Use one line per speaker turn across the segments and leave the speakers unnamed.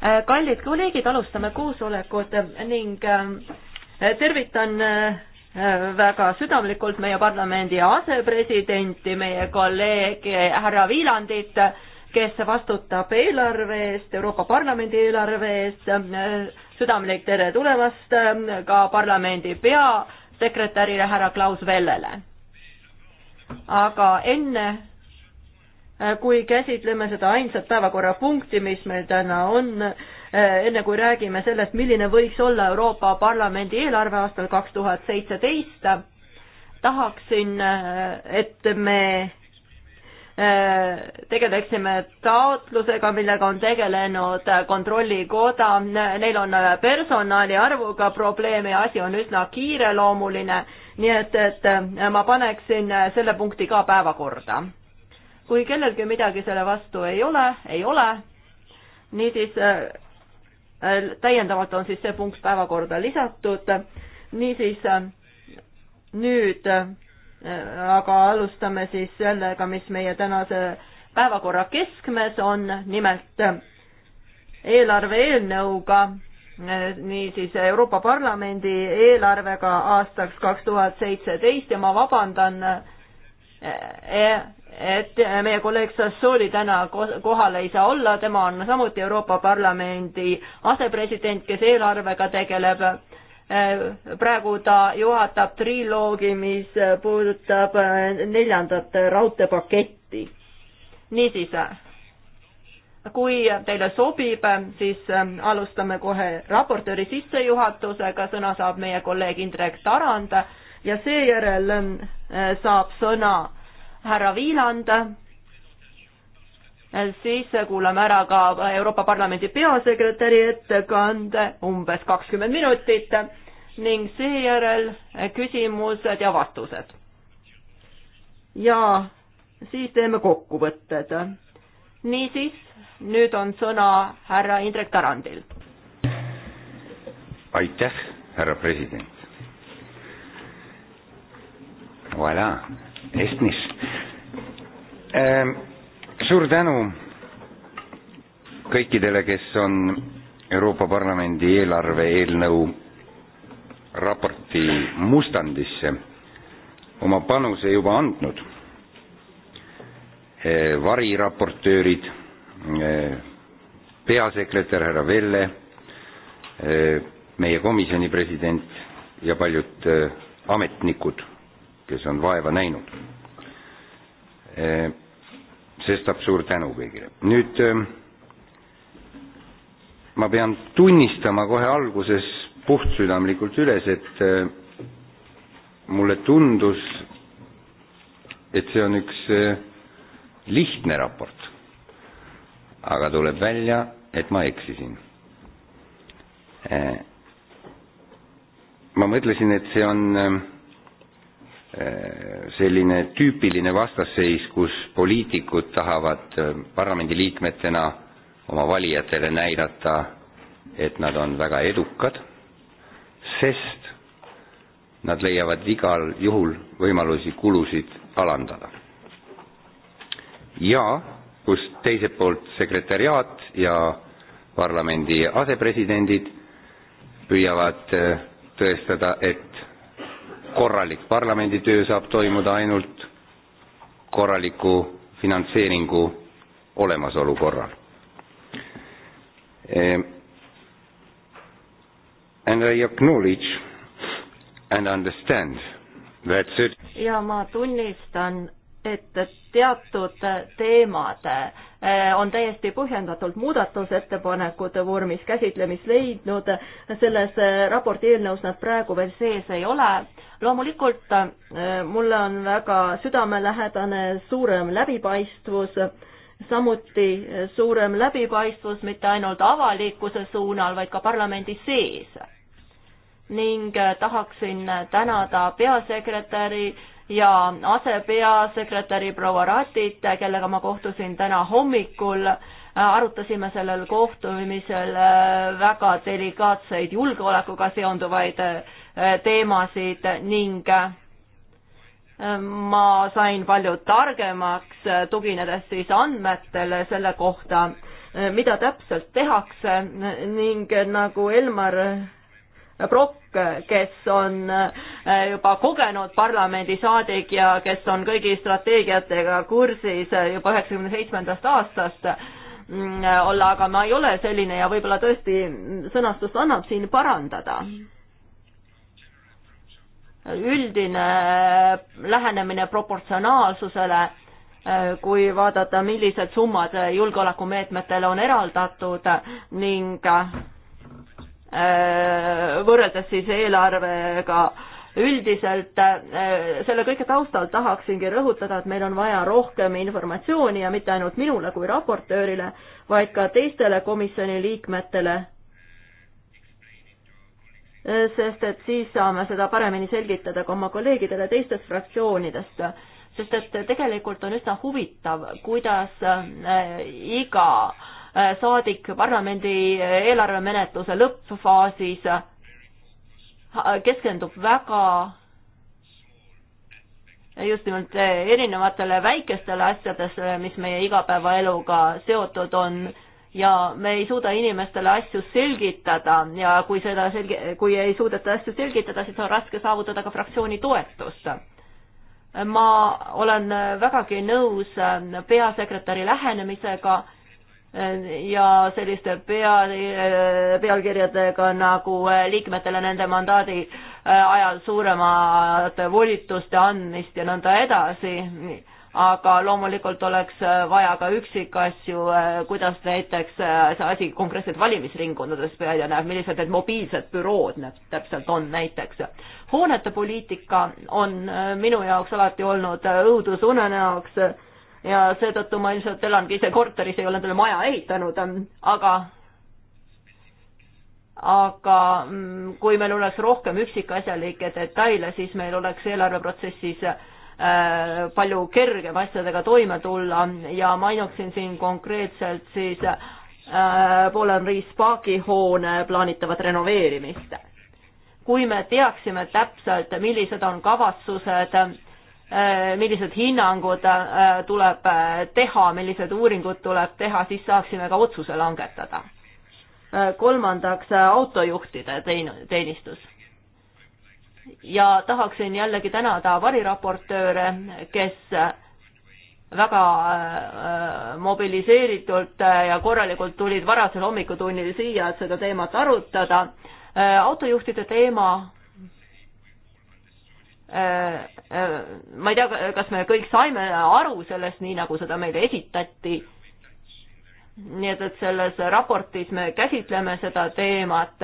Äh, kallid kolleegid, alustame koosolekut ning äh, tervitan äh, väga südamlikult meie parlamendi asepresidenti, meie kolleegi härra Viilandit, kes vastutab eelarve eest, Euroopa Parlamendi eelarve eest. südamlik tere tulemast ka parlamendi peasekretärile härra Klaus Vellele. aga enne Äh, kui käsitleme seda ainsat päevakorrapunkti, mis meil täna on, äh, enne kui räägime sellest, milline võiks olla Euroopa Parlamendi eelarve aastal kaks tuhat seitseteist, tahaksin, äh, et me tegeleksime taotlusega, millega on tegelenud Kontrollikoda, neil on personali arvuga probleeme ja asi on üsna kiireloomuline, nii et, et ma paneksin selle punkti ka päevakorda kui kellelgi midagi selle vastu ei ole, ei ole, niisiis äh, äh, täiendavalt on siis see punkt päevakorda lisatud, niisiis äh, nüüd aga alustame siis sellega, mis meie tänase päevakorra keskmes on, nimelt eelarve eelnõuga, niisiis Euroopa Parlamendi eelarvega aastaks kaks tuhat seitseteist ja ma vabandan et meie kolleeg Sassooli täna kohal ei saa olla, tema on samuti Euroopa Parlamendi asepresident, kes eelarvega tegeleb. Eh, praegu ta juhatab triloogi, mis puudutab eh, neljandat raudteepaketti. niisiis, kui teile sobib, siis eh, alustame kohe raportööri sissejuhatusega, sõna saab meie kolleeg Indrek Tarand ja seejärel saab sõna härra Viiland, siis kuulame ära ka Euroopa Parlamendi peasekretäri ettekande, umbes kakskümmend minutit, ning seejärel küsimused ja vastused. ja siis teeme kokkuvõtted. niisiis, nüüd on sõna härra Indrek Tarandil.
aitäh, härra president. Voilà Estnis. suur tänu kõikidele, kes on Euroopa Parlamendi eelarve eelnõu raporti mustandisse oma panuse juba andnud. Eh, variraportöörid, eh, peasekretär härra Velle, eh, meie komisjoni president ja paljud ametnikud kes on vaeva näinud. Eh, sestap suur tänu kõigile. nüüd eh, ma pean tunnistama kohe alguses puhtsüdamlikult üles, et eh, mulle tundus, et see on üks lihtne raport. aga tuleb välja, et ma eksisin. ma mõtlesin, et see on Eh, selline tüüpiline vastasseis, kus poliitikud tahavad eh, parlamendiliikmetena oma valijatele näidata, et nad on väga edukad, sest nad leiavad igal juhul võimalusi kulusid alandada. ja kus teiselt poolt sekretäriaat ja parlamendi asepresidendid püüavad eh, tõestada, et korralik parlamenditöö saab toimuda ainult korraliku finantseeringu olemasolu korral. Ehm, and I acknowledge and understand that
ja ma tunnistan, et teatud teemad eh, on täiesti põhjendatult muudatusettepanekute vormis käsitlemist leidnud, selles eh, raporti eelnõus nad praegu veel sees ei ole loomulikult äh, mulle on väga südamelähedane suurem läbipaistvus, samuti suurem läbipaistvus mitte ainult avalikkuse suunal, vaid ka parlamendi sees. ning äh, tahaksin tänada peasekretäri ja asepeasekretäri proua Ratit, kellega ma kohtusin täna hommikul, äh, arutasime sellel kohtumisel väga delikaatseid julgeolekuga seonduvaid Äh, teemasid ning äh, ma sain palju targemaks, äh, tuginedes siis andmetele selle kohta, mida täpselt tehakse ning nagu Elmar Brock, kes on juba kogenud parlamendisaadik ja kes on kõigi strateegiatega kursis juba üheksakümne seitsmendast aastast mm, olla, aga ma ei ole selline ja võib-olla tõesti sõnastust annab siin parandada mm üldine lähenemine proportsionaalsusele, kui vaadata, millised summad julgeolekumeetmetele on eraldatud ning äh, võrreldes siis eelarvega üldiselt äh, selle kõige taustal tahaksingi rõhutada, et meil on vaja rohkem informatsiooni ja mitte ainult minule kui raportöörile, vaid ka teistele komisjoni liikmetele sest et siis saame seda paremini selgitada ka oma kolleegidele teistest fraktsioonidest, sest et tegelikult on üsna huvitav, kuidas äh, iga äh, saadik parlamendi eelarvemenetluse lõppfaasis äh, keskendub väga just nimelt erinevatele väikestele asjadele, mis meie igapäevaeluga seotud on ja me ei suuda inimestele asju selgitada ja kui seda selgi-, kui ei suudeta asju selgitada, siis on raske saavutada ka fraktsiooni toetust. ma olen vägagi nõus peasekretäri lähenemisega ja selliste pea, pealkirjadega nagu liikmetele nende mandaadi ajal suuremate volituste andmist ja nõnda edasi aga loomulikult oleks äh, vaja ka üksikasju, äh, kuidas näiteks äh, see asi konkreetselt valimisringkondades välja näeb, millised need mobiilsed bürood need täpselt on näiteks. hoonete poliitika on minu jaoks alati olnud õudusunenäoks ja seetõttu ma ilmselt elangi ise korteris, ei ole endale maja ehitanud, aga aga mm, kui meil oleks rohkem üksikasjalikke detaile, siis meil oleks eelarveprotsessis Äh, palju kergem asjadega toime tulla ja mainuksin siin konkreetselt siis äh, Polen Riis-Paaki hoone plaanitavat renoveerimist. kui me teaksime täpselt, millised on kavatsused, äh, millised hinnangud tuleb teha, millised uuringud tuleb teha, siis saaksime ka otsuse langetada. kolmandaks, autojuhtide teenistus ja tahaksin jällegi tänada variraportööre, kes väga äh, mobiliseeritult ja korralikult tulid varasel hommikutunnil siia, et seda teemat arutada. Äh, autojuhtide teema äh, ma ei tea, kas me kõik saime aru sellest, nii nagu seda meile esitati. nii et, et selles raportis me käsitleme seda teemat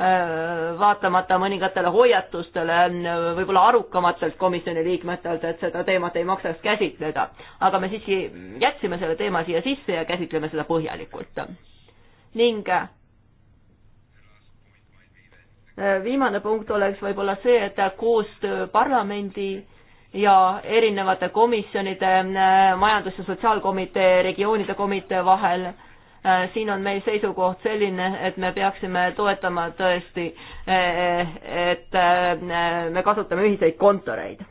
Äh, vaatamata mõningatele hoiatustele äh, võib-olla arukamatelt komisjoni liikmetelt, et seda teemat ei maksaks käsitleda. aga me siiski jätsime selle teema siia sisse ja käsitleme seda põhjalikult. ning äh, viimane punkt oleks võib-olla see, et koostöö parlamendi ja erinevate komisjonide, majandus- ja sotsiaalkomitee, regioonide komitee vahel äh, Äh, siin on meil seisukoht selline, et me peaksime toetama tõesti, äh, äh, et me kasutame ühiseid kontoreid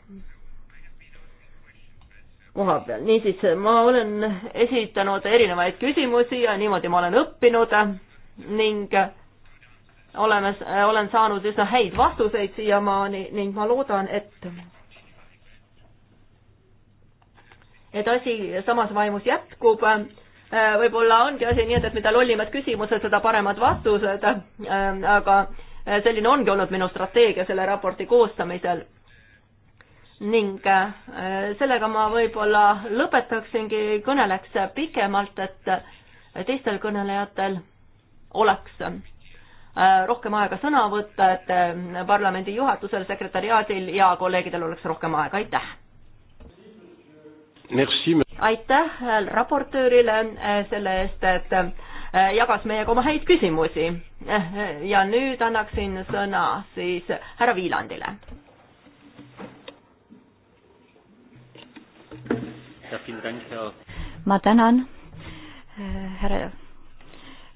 koha peal. niisiis, ma olen esitanud erinevaid küsimusi ja niimoodi ma olen õppinud ning oleme, olen saanud üsna häid vastuseid siiamaani ning ma loodan, et et asi samas vaimus jätkub Äh, võib-olla ongi asi nii, et, et mida lollimad küsimused, seda paremad vastused, ähm, aga äh, selline ongi olnud minu strateegia selle raporti koostamisel. ning äh, sellega ma võib-olla lõpetaksingi, kõneleks pikemalt, et teistel kõnelejatel oleks rohkem aega sõna võtta, et parlamendi juhatusel, sekretäriaadil ja kolleegidel oleks rohkem aega, aitäh! aitäh äh, raportöörile äh, selle eest, et äh, jagas meiega oma häid küsimusi. ja nüüd annaksin sõna siis härra Viilandile.
ma tänan, härra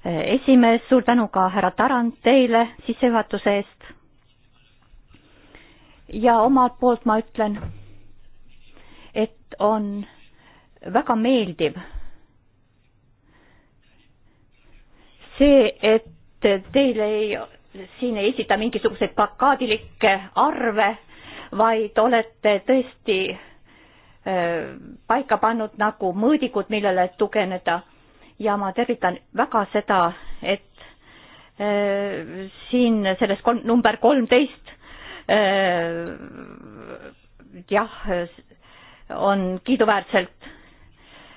esimees, suur tänu ka härra Tarand teile sissejuhatuse eest. ja omalt poolt ma ütlen on väga meeldiv see, et teile ei, siin ei esita mingisuguseid plakaadilikke arve, vaid olete tõesti äh, paika pannud nagu mõõdikud, millele tugeneda ja ma tervitan väga seda, et äh, siin selles kolm, number kolmteist äh, jah, on kiiduväärselt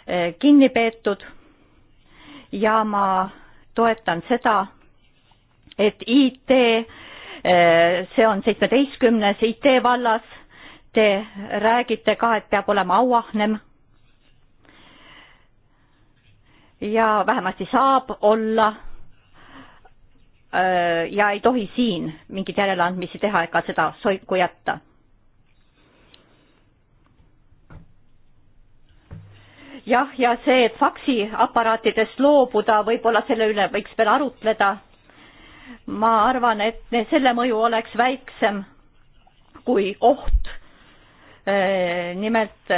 eh, kinni peetud ja ma toetan seda, et IT, eh, see on seitsmeteistkümnes IT vallas, te räägite ka, et peab olema auahnem. ja vähemasti saab olla eh, ja ei tohi siin mingeid järeleandmisi teha ega seda soiku jätta jah, ja see, et faksiaparaatidest loobuda, võib-olla selle üle võiks veel arutleda. ma arvan, et selle mõju oleks väiksem kui oht. nimelt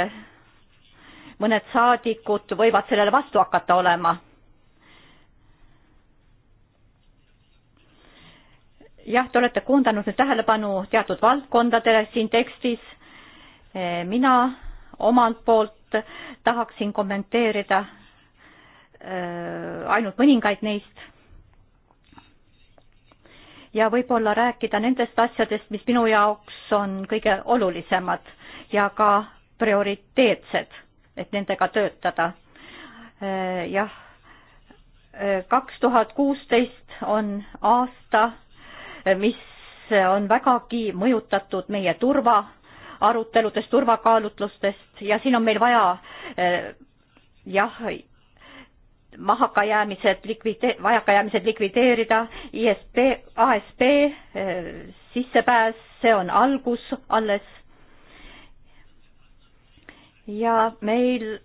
mõned saadikud võivad sellele vastu hakata olema. jah, te olete koondanud nüüd tähelepanu teatud valdkondadele siin tekstis. mina omalt poolt lühidalt tahaksin kommenteerida äh, ainult mõningaid neist ja võib-olla rääkida nendest asjadest, mis minu jaoks on kõige olulisemad ja ka prioriteetsed, et nendega töötada. Äh, jah, äh, kaks tuhat kuusteist on aasta, mis on vägagi mõjutatud meie turva aruteludest, turvakaalutlustest ja siin on meil vaja eh, jah, mahakajäämised likvide-, vajakajäämised likvideerida, ISP, ASP eh, sissepääs, see on algus alles. ja meil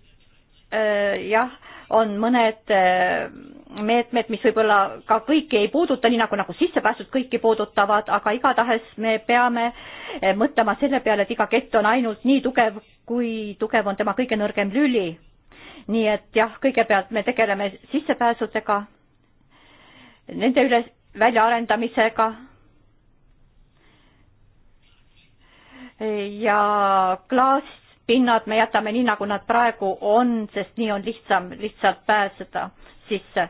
eh, jah, on mõned meetmed, mis võib-olla ka kõiki ei puuduta, nii nagu, nagu sissepääsud kõiki puudutavad, aga igatahes me peame eh, mõtlema selle peale, et iga kett on ainult nii tugev, kui tugev on tema kõige nõrgem lüli. nii et jah, kõigepealt me tegeleme sissepääsudega, nende üle väljaarendamisega ja klaaspinnad me jätame nii, nagu nad praegu on, sest nii on lihtsam lihtsalt pääseda sisse.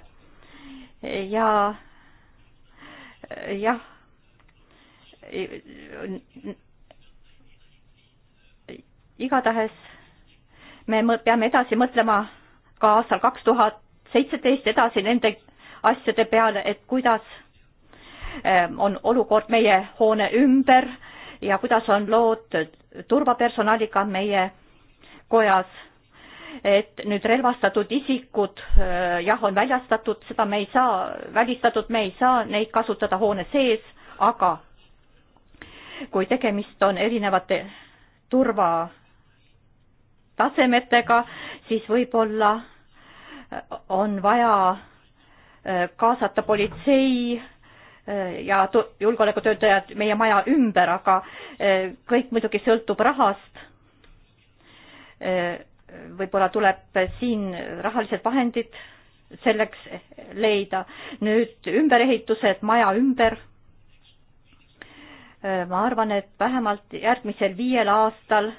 ja jah, igatahes me peame edasi mõtlema ka aastal kaks tuhat seitseteist edasi nende asjade peale, et kuidas ähm, on olukord meie hoone ümber ja kuidas on lood turvapersonaliga meie kojas et nüüd relvastatud isikud äh, jah, on väljastatud, seda me ei saa, välistatud me ei saa neid kasutada hoone sees, aga kui tegemist on erinevate turvatasemetega, siis võib-olla äh, on vaja äh, kaasata politsei ja julgeolekutöötajad meie maja ümber, aga kõik muidugi sõltub rahast võib-olla tuleb siin rahalised vahendid selleks leida. nüüd ümberehitused maja ümber. ma arvan, et vähemalt järgmisel viiel aastal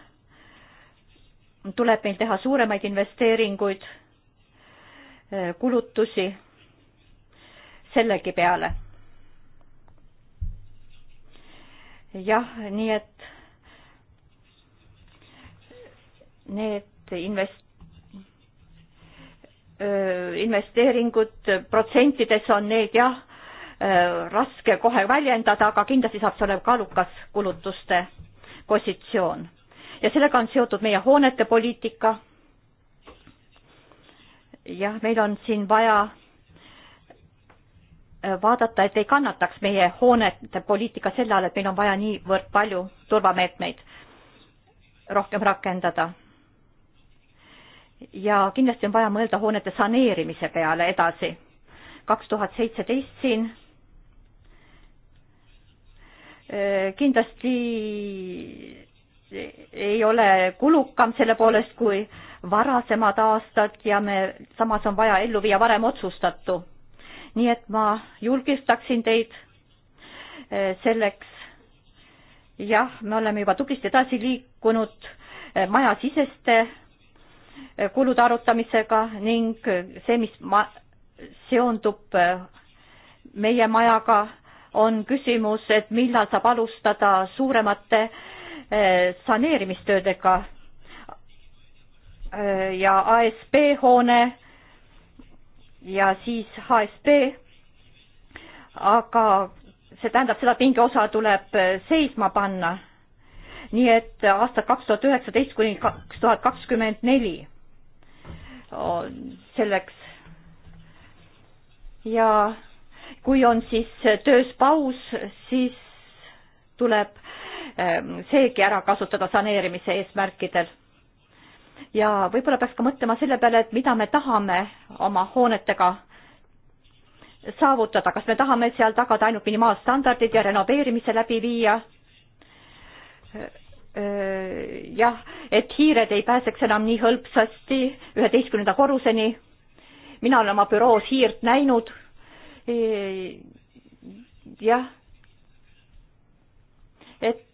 tuleb meil teha suuremaid investeeringuid, kulutusi sellegi peale. jah, nii et need et invest-, investeeringud protsentides on need jah, raske kohe väljendada, aga kindlasti saab see olema kaalukas kulutuste positsioon. ja sellega on seotud meie hoonete poliitika. jah, meil on siin vaja vaadata, et ei kannataks meie hoonete poliitika selle all, et meil on vaja niivõrd palju turvameetmeid rohkem rakendada ja kindlasti on vaja mõelda hoonete saneerimise peale edasi. kaks tuhat seitseteist siin äh, kindlasti ei ole kulukam selle poolest kui varasemad aastad ja me, samas on vaja ellu viia varem otsustatu. nii et ma julgistaksin teid äh, selleks. jah, me oleme juba tublisti edasi liikunud äh, majasiseste kulude arutamisega ning see, mis ma-, seondub äh, meie majaga, on küsimus, et millal saab alustada suuremate äh, saneerimistöödega. Äh, ja ASB hoone ja siis HSB, aga see tähendab seda, pingeosa tuleb seisma panna nii et aastad kaks tuhat üheksateist kuni kaks tuhat kakskümmend neli selleks. ja kui on siis töös paus, siis tuleb ähm, seegi ära kasutada saneerimise eesmärkidel. ja võib-olla peaks ka mõtlema selle peale, et mida me tahame oma hoonetega saavutada, kas me tahame seal tagada ainult minimaalstandardid ja renoveerimise läbi viia Äh, jah, et hiired ei pääseks enam nii hõlpsasti üheteistkümnenda korruseni. mina olen oma büroos hiirt näinud. jah, et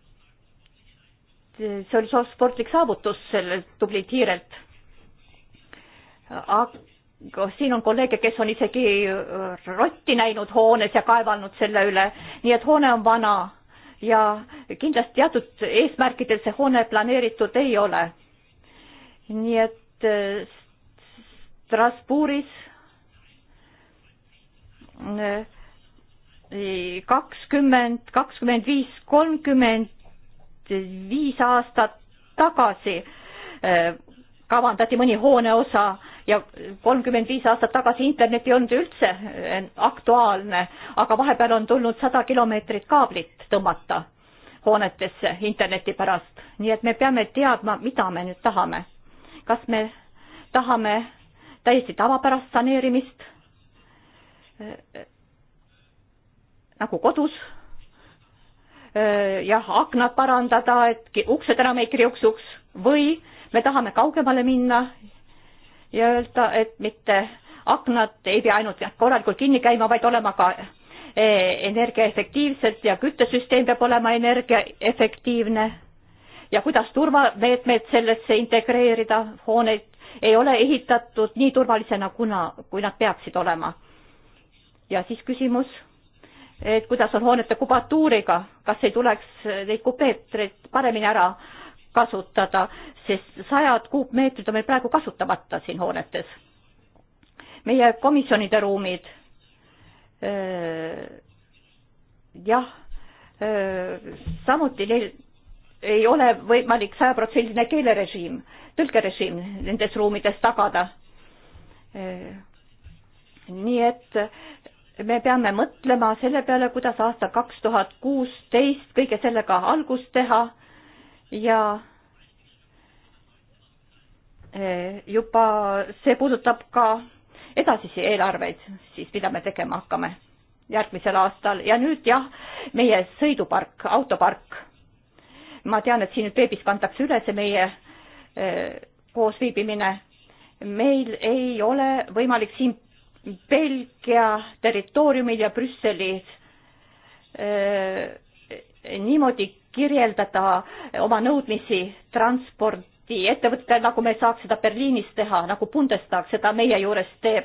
see oli suur sportlik saavutus sellelt tublilt hiirelt. aga siin on kolleege, kes on isegi rotti näinud hoones ja kaevanud selle üle, nii et hoone on vana ja kindlasti teatud eesmärkidel see hoone planeeritud ei ole. nii et äh, Strasbourgis äh, kakskümmend, kakskümmend viis, kolmkümmend viis aastat tagasi äh, kavandati mõni hooneosa ja kolmkümmend viis aastat tagasi internet ei olnud üldse aktuaalne, aga vahepeal on tulnud sada kilomeetrit kaablit tõmmata hoonetesse interneti pärast. nii et me peame teadma, mida me nüüd tahame. kas me tahame täiesti tavapärast saneerimist äh, nagu kodus, äh, jah, aknad parandada, et uksed enam ei kriuksuks või me tahame kaugemale minna ja öelda, et mitte aknad ei pea ainult korralikult kinni käima, vaid olema ka Eh, energiaefektiivset ja küttesüsteem peab olema energiaefektiivne ja kuidas turvameetmed sellesse integreerida, hooneid ei ole ehitatud nii turvalisena, kuna, kui nad peaksid olema. ja siis küsimus, et kuidas on hoonete kubatuuriga, kas ei tuleks neid kubeetreid paremini ära kasutada, sest sajad kuupmeetrid on meil praegu kasutamata siin hoonetes. meie komisjonide ruumid Äh, jah, äh, samuti neil ei ole võimalik sajaprotsendiline keelerežiim, tõlkerežiim nendes ruumides tagada. Äh, nii et me peame mõtlema selle peale, kuidas aastal kaks tuhat kuusteist kõige sellega algust teha ja juba see puudutab ka edasisi eelarveid siis, mida me tegema hakkame järgmisel aastal ja nüüd jah, meie sõidupark, autopark. ma tean, et siin veebis kantakse üle see meie eh, koosviibimine. meil ei ole võimalik siin Belgia territooriumil ja Brüsselis eh, niimoodi kirjeldada oma nõudmisi transport ettevõttel, nagu me saaks seda Berliinis teha, nagu Bundestag seda meie juures teeb.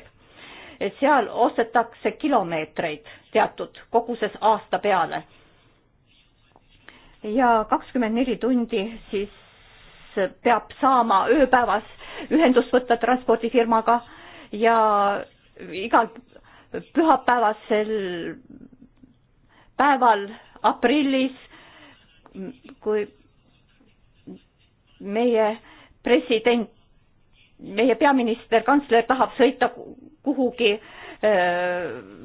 seal ostetakse kilomeetreid teatud koguses aasta peale. ja kakskümmend neli tundi siis peab saama ööpäevas ühendust võtta transpordifirmaga ja igal pühapäevasel päeval aprillis, kui meie president, meie peaminister, kantsler tahab sõita kuhugi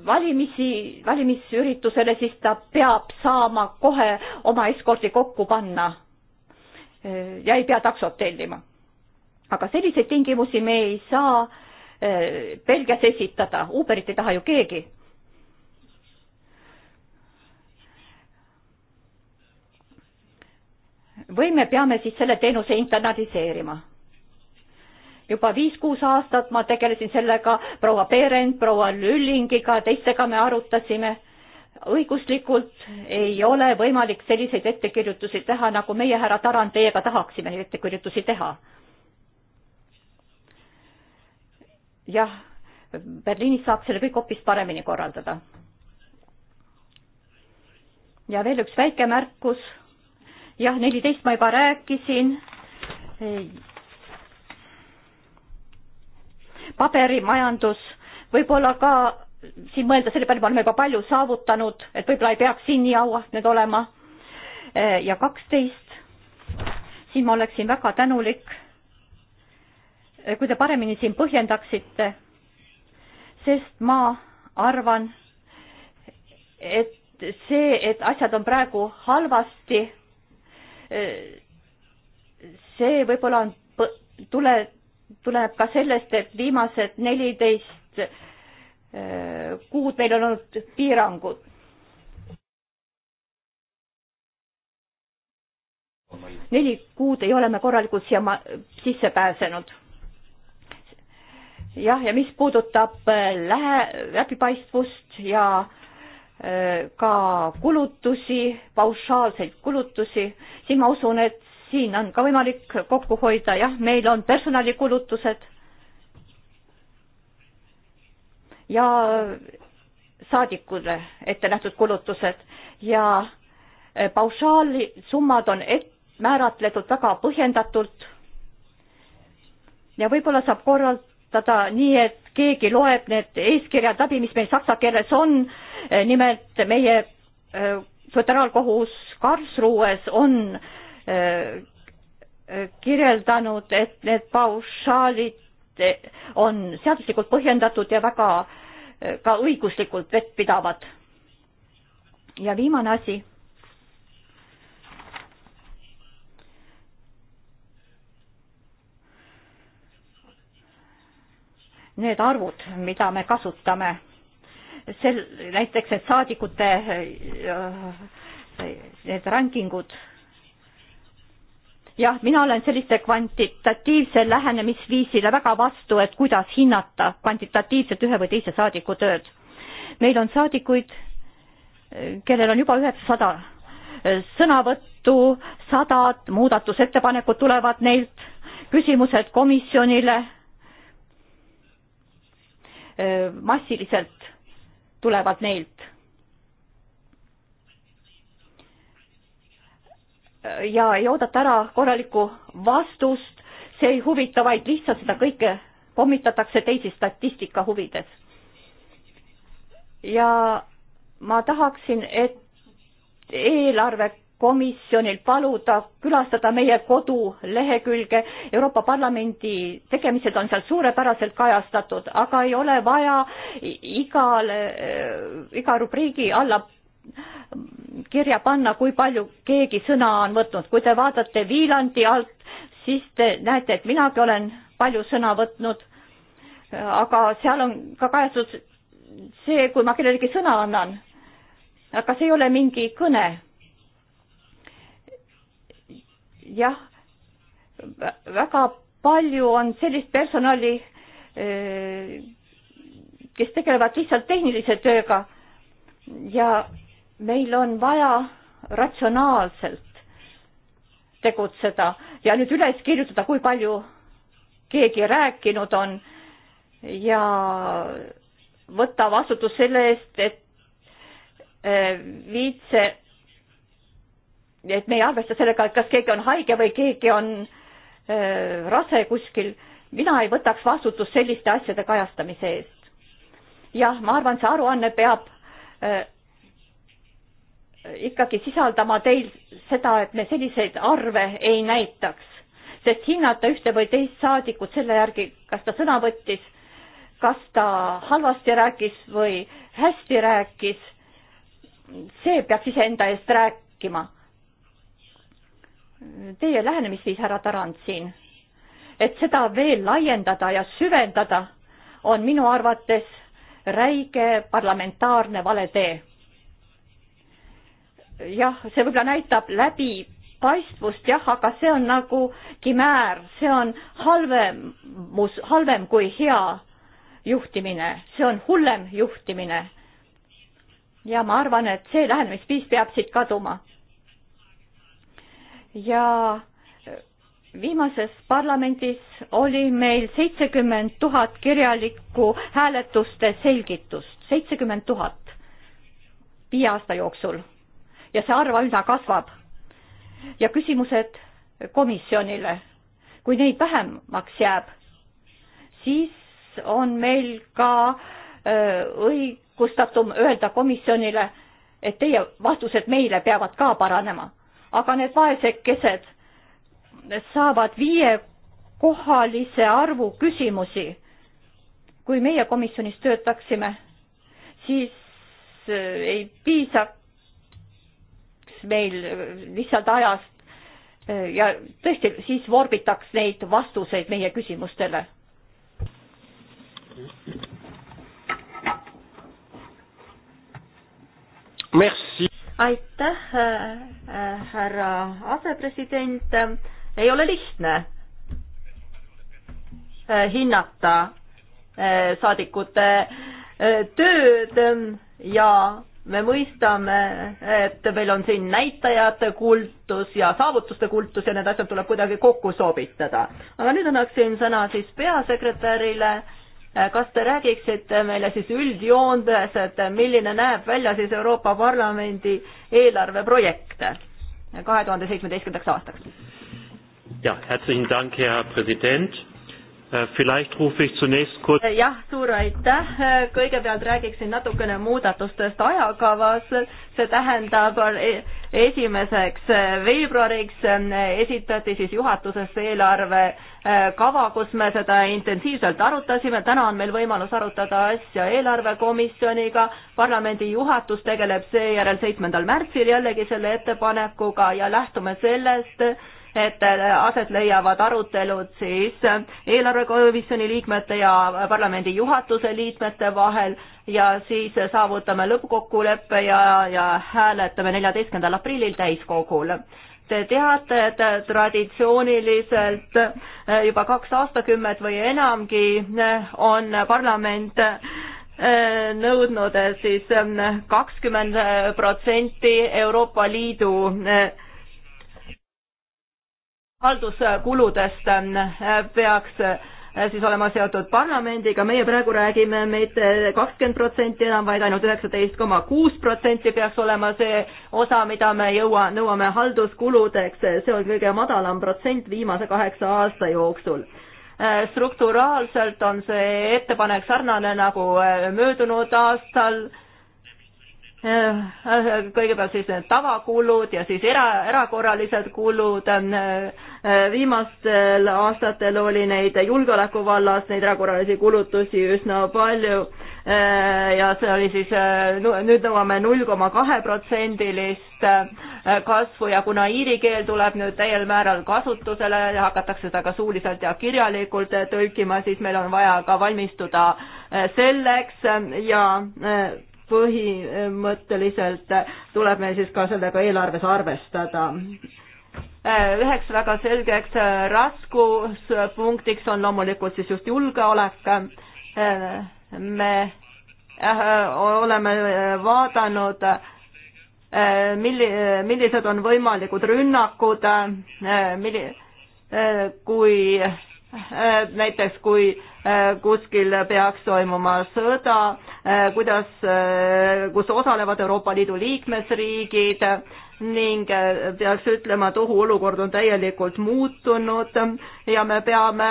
valimisi, valimisüritusele, siis ta peab saama kohe oma eskordi kokku panna ja ei pea taksot tellima. aga selliseid tingimusi me ei saa Belgias esitada, Uberit ei taha ju keegi või me peame siis selle teenuse internaliseerima. juba viis-kuus aastat ma tegelesin sellega proua Perend, proua Lüllingiga, teistega me arutasime. õiguslikult ei ole võimalik selliseid ettekirjutusi teha, nagu meie, härra Tarand, teiega tahaksime ettekirjutusi teha. jah, Berliinis saab selle kõik hoopis paremini korraldada. ja veel üks väike märkus jah, neliteist ma juba rääkisin. paberimajandus, võib-olla ka siin mõelda selle peale, me oleme juba palju saavutanud, et võib-olla ei peaks siin nii auastmed olema. ja kaksteist, siin ma oleksin väga tänulik, kui te paremini siin põhjendaksite, sest ma arvan, et see, et asjad on praegu halvasti see võib-olla on, tule, tuleb ka sellest, et viimased neliteist äh, kuud meil on olnud piirangud. neli kuud ei ole me korralikult siia ma-, sisse pääsenud. jah, ja mis puudutab äh, lähe-, läbipaistvust ja äh, ka kulutusi, paušaalseid kulutusi, siin ma usun, et siin on ka võimalik kokku hoida, jah, meil on personalikulutused ja saadikule ette nähtud kulutused ja eh, paušaalsummad on et-, määratletud väga põhjendatult ja võib-olla saab korralt kasutada nii, et keegi loeb need eeskirjad läbi, mis meil saksa keeles on. Eh, nimelt meie eh, föderaalkohus Karlsruhes on eh, kirjeldanud, et need paušaalid on seaduslikult põhjendatud ja väga ka õiguslikult vettpidavad. ja viimane asi need arvud, mida me kasutame. sel, näiteks äh, need saadikute need rankingud. jah, mina olen selliste kvantitatiivse lähenemisviisile väga vastu, et kuidas hinnata kvantitatiivselt ühe või teise saadiku tööd. meil on saadikuid, kellel on juba üheksasada sõnavõttu, sadad muudatusettepanekud tulevad neilt, küsimused komisjonile massiliselt tulevad neilt. ja ei oodata ära korralikku vastust, see ei huvita, vaid lihtsalt seda kõike pommitatakse teisi statistika huvides. ja ma tahaksin, et eelarve komisjonil paluda külastada meie kodulehekülge. Euroopa Parlamendi tegemised on seal suurepäraselt kajastatud, aga ei ole vaja igale, iga rubriigi alla kirja panna, kui palju keegi sõna on võtnud. kui te vaatate Viilandi alt, siis te näete, et minagi olen palju sõna võtnud. aga seal on ka kajastatud see, kui ma kellelegi sõna annan. aga see ei ole mingi kõne jah, väga palju on sellist personali, eh, kes tegelevad lihtsalt tehnilise tööga ja meil on vaja ratsionaalselt tegutseda ja nüüd üles kirjutada, kui palju keegi rääkinud on ja võtta vastutus selle eest, et eh, viitse et me ei arvesta sellega, et kas keegi on haige või keegi on äh, rase kuskil. mina ei võtaks vastutust selliste asjade kajastamise eest. jah, ma arvan, see aruanne peab äh, ikkagi sisaldama teil seda, et me selliseid arve ei näitaks, sest hinnata ühte või teist saadikut selle järgi, kas ta sõna võttis, kas ta halvasti rääkis või hästi rääkis, see peaks iseenda eest rääkima teie lähenemisviis, härra Tarand siin, et seda veel laiendada ja süvendada, on minu arvates räige parlamentaarne vale tee. jah, see võib-olla näitab läbipaistvust jah, aga see on nagu kimäär, see on halvemus, halvem kui hea juhtimine, see on hullem juhtimine. ja ma arvan, et see lähenemisviis peab siit kaduma ja viimases parlamendis oli meil seitsekümmend tuhat kirjalikku hääletuste selgitust, seitsekümmend tuhat viie aasta jooksul. ja see arv aina kasvab. ja küsimused komisjonile, kui neid vähemaks jääb, siis on meil ka õigustatum öelda komisjonile, et teie vastused meile peavad ka paranema aga need vaesekesed saavad viiekohalise arvu küsimusi. kui meie komisjonis töötaksime, siis äh, ei piisaks meil äh, lihtsalt ajast äh, ja tõesti, siis vorbitaks neid vastuseid meie küsimustele. Merci aitäh, äh,
härra asepresident. ei ole lihtne äh, hinnata äh, saadikute tööd ja me mõistame, et meil on siin näitajate kultus ja saavutuste kultus ja need asjad tuleb kuidagi kokku sobitada. aga nüüd annaksin sõna siis peasekretärile Äh, kas te räägiksite meile siis üldjoontes, et milline näeb välja siis Euroopa Parlamendi eelarveprojekt kahe tuhande seitsmeteistkümnendaks aastaks?
jah, herzlichen Dank, Herr Präsident Äh, vielleicht rufe ich zunächst kurz äh, jah,
suur aitäh, äh, kõigepealt räägiksin natukene muudatustest ajakavas, see tähendab e-, esimeseks veebruariks esitati siis juhatusesse eelarve kava, kus me seda intensiivselt arutasime, täna on meil võimalus arutada asja eelarvekomisjoniga, parlamendi juhatus tegeleb seejärel seitsmendal märtsil jällegi selle ettepanekuga ja lähtume sellest, et aset leiavad arutelud siis eelarvekomisjoni liikmete ja parlamendi juhatuse liikmete vahel ja siis saavutame lõppkokkuleppe ja, ja hääletame neljateistkümnendal aprillil täiskogul te teate, et traditsiooniliselt juba kaks aastakümmet või enamgi on parlament nõudnud siis kakskümmend protsenti Euroopa Liidu halduskuludest ähm, peaks äh, siis olema seotud parlamendiga, meie praegu räägime mitte kakskümmend protsenti enam, vaid ainult üheksateist koma kuus protsenti peaks olema see osa, mida me jõua, nõuame halduskuludeks, see on kõige madalam protsent viimase kaheksa aasta jooksul äh, strukturaalselt on see ettepanek sarnane nagu äh, möödunud aastal Äh, äh, kõigepealt siis need tavakulud ja siis era, erakorralised kulud. Äh, viimastel aastatel oli neid julgeoleku vallas, neid erakorralisi kulutusi üsna palju. ja see oli siis, nüüd nõuame null koma kahe protsendilist kasvu ja kuna iiri keel tuleb nüüd täiel määral kasutusele ja hakatakse seda ka suuliselt ja kirjalikult tõlkima, siis meil on vaja ka valmistuda selleks ja põhimõtteliselt tuleb meil siis ka sellega eelarves arvestada. Äh, üheks väga selgeks äh, raskuspunktiks on loomulikult siis just julgeolek. Äh, me oleme vaadanud, milli-, millised on võimalikud rünnakud, milli-, kui näiteks, kui kuskil peaks toimuma sõda, Äh, kuidas, äh, kus osalevad Euroopa Liidu liikmesriigid ning äh, peaks ütlema, et ohuolukord on täielikult muutunud ja me peame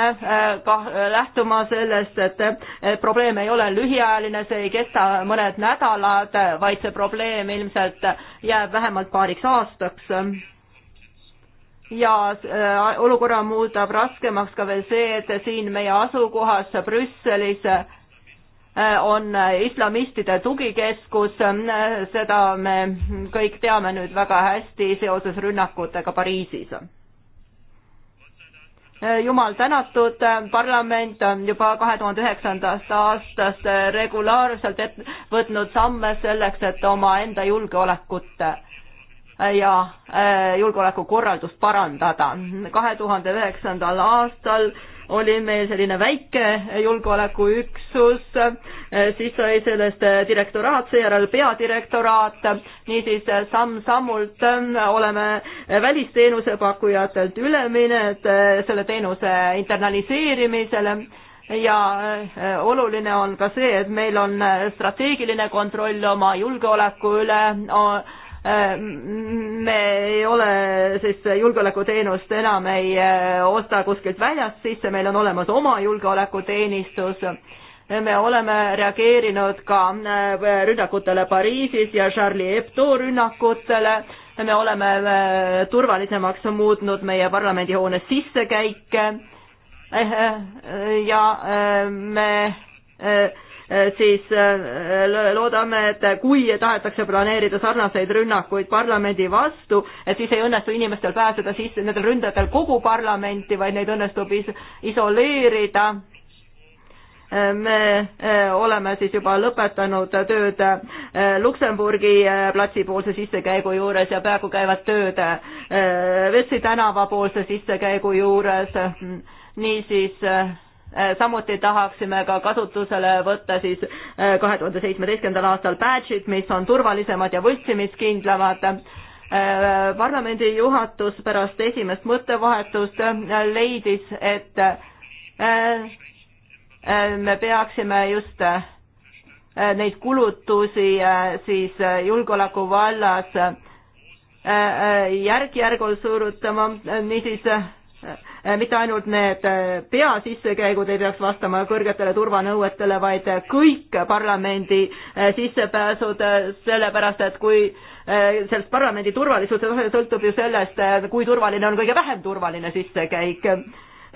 ka lähtuma sellest, et probleem ei ole lühiajaline, see ei kesta mõned nädalad, vaid see probleem ilmselt jääb vähemalt paariks aastaks ja olukorra muudab raskemaks ka veel see, et siin meie asukohas Brüsselis Äh, on islamistide tugikeskus, seda me kõik teame nüüd väga hästi seoses rünnakutega Pariisis. Äh, jumal tänatud, parlament on juba kahe tuhande üheksandast aastast regulaarselt et-, võtnud samme selleks, et omaenda julgeolekut ja äh, julgeolekukorraldust parandada. kahe tuhande üheksandal aastal oli meil selline väike julgeolekuüksus, eh, siis sai sellest eh, direktoraat, seejärel peadirektoraat, niisiis eh, samm-sammult oleme välisteenuse pakkujatelt üle minenud selle teenuse internaliseerimisele ja oluline on ka see, et meil on strateegiline kontroll oma julgeoleku üle Äh, me ei ole siis julgeolekuteenust enam ei äh, osta kuskilt väljast sisse, meil on olemas oma julgeolekuteenistus. me oleme reageerinud ka äh, rünnakutele Pariisis ja Charlie Hebdo rünnakutele. me oleme turvalisemaks muutnud meie parlamendihoone sissekäike. ja me Eh, siis eh, loodame, et kui tahetakse planeerida sarnaseid rünnakuid parlamendi vastu, et siis ei õnnestu inimestel pääseda sisse, nendel ründajatel kogu parlamenti, vaid neid õnnestub is isoleerida eh, me oleme siis juba lõpetanud tööd Luksemburgi platsipoolse sissekäigu juures ja praegu käivad tööd Vessi tänava poolse sissekäigu juures. niisiis Äh, samuti tahaksime ka kasutusele võtta siis äh, kahe tuhande seitsmeteistkümnendal aastal badge'id, mis on turvalisemad ja võltsimiskindlamad äh, parlamendi juhatus pärast esimest mõttevahetust leidis, et me peaksime just neid kulutusi siis julgeoleku vallas järk-järgul surutama, niisiis Äh, mitte ainult need äh, peasissekäigud ei peaks vastama kõrgetele turvanõuetele, vaid kõik parlamendi äh, sissepääsud, sellepärast et kui sellest parlamendi turvalisuse sõltub ju sellest, kui turvaline on kõige vähem turvaline sissekäik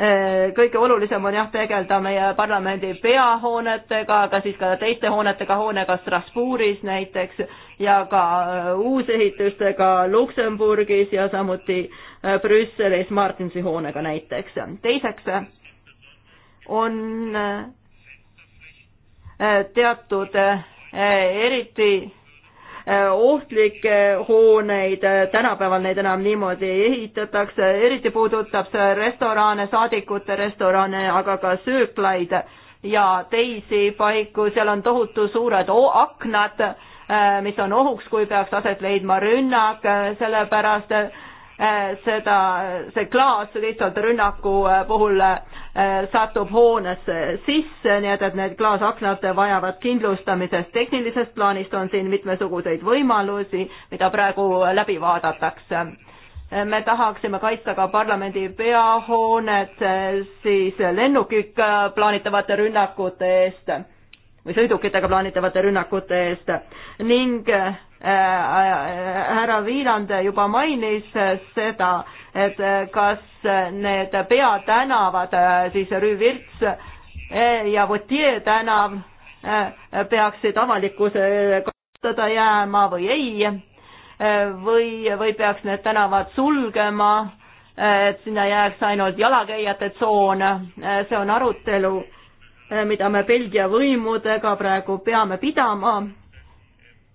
Äh, kõige olulisem on jah, tegeleda meie parlamendi peahoonetega, aga siis ka teiste hoonetega, hoonega Strasbourgis näiteks ja ka äh, uusehitustega Luksemburgis ja samuti äh, Brüsselis Martinsi hoonega näiteks. teiseks on teatud eriti Eh, ohtlikke hooneid, eh, tänapäeval neid enam niimoodi ei ehitatakse, eriti puudutab see restorane, saadikute restorane, aga ka sööklaid ja teisi paiku, seal on tohutu suured aknad, eh, mis on ohuks, kui peaks aset leidma rünnak, sellepärast seda, see klaas lihtsalt rünnaku puhul Äh, satub hoonesse sisse, nii et, et need klaasaknad vajavad kindlustamisest. tehnilisest plaanist on siin mitmesuguseid võimalusi, mida praegu läbi vaadatakse me tahaksime kaitsta ka parlamendi peahoonet siis lennukik plaanitavate rünnakute eest või sõidukitega plaanitavate rünnakute eest ning härra äh, äh, äh Viiland juba mainis seda, et eh, kas need peatänavad, eh, siis Rue Virts eh, ja Vautier tänav peaksid avalikkuse kasutada jääma või ei või, või peaks need tänavad sulgema, et sinna jääks ainult jalakäijate tsoon, see on arutelu, mida me Belgia võimudega praegu peame pidama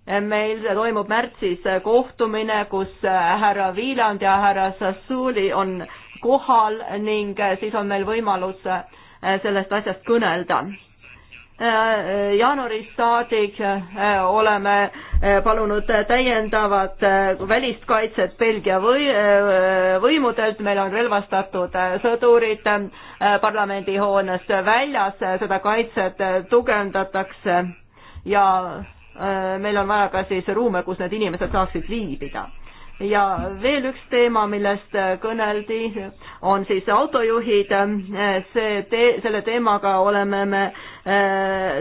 meil toimub märtsis kohtumine, kus härra Viiland ja härra Sassouli on kohal ning siis on meil võimalus sellest asjast kõnelda. jaanuarist saadik oleme palunud täiendavat välist kaitset Belgia või, võimudelt, meil on relvastatud sõdurid parlamendihoonest väljas, seda kaitset tugevdatakse ja Äh, meil on vaja ka siis ruume, kus need inimesed saaksid viibida. ja veel üks teema, millest äh, kõneldi, on siis autojuhid. Äh, see tee, selle teemaga oleme me,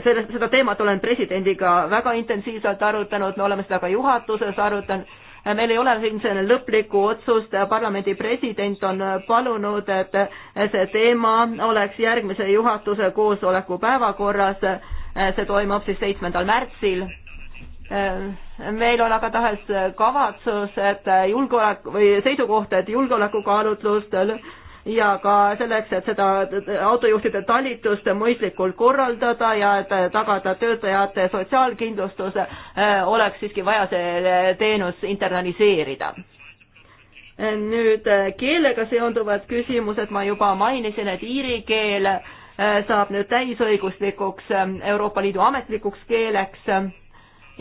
selle, seda teemat olen presidendiga väga intensiivselt arutanud, me oleme seda ka juhatuses arutanud meil ei ole siin selle lõplikku otsust, parlamendi president on palunud, et see teema oleks järgmise juhatuse koosoleku päevakorras, see toimub siis seitsmendal märtsil Ehm, meil on aga tahes kavatsus, et julgeolek või seisukoht, et julgeolekukaalutlustel ja ka selleks, et seda autojuhtide talitust mõistlikult korraldada ja et tagada töötajate sotsiaalkindlustus, ehm, oleks siiski vaja see teenus internaliseerida ehm, nüüd eh, keelega seonduvad küsimused, ma juba mainisin, et iiri keel eh, saab nüüd täisõiguslikuks Euroopa Liidu ametlikuks keeleks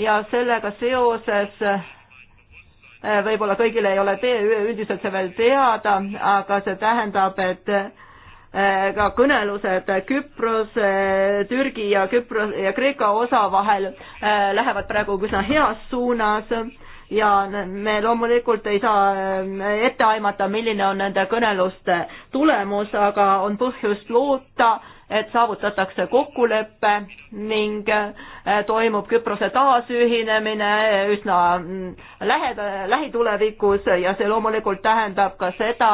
ja sellega seoses eh, võib-olla kõigil ei ole tee üldiselt see veel teada, aga see tähendab, et eh, ka kõnelused Küprose, Türgi ja Küpros ja Kreeka osa vahel eh, lähevad praegu üsna heas suunas ja me loomulikult ei saa ette aimata, milline on nende kõneluste tulemus, aga on põhjust loota, et saavutatakse kokkulepe ning eh, toimub Küprose taasühinemine üsna mm, lähed-, lähitulevikus ja see loomulikult tähendab ka seda,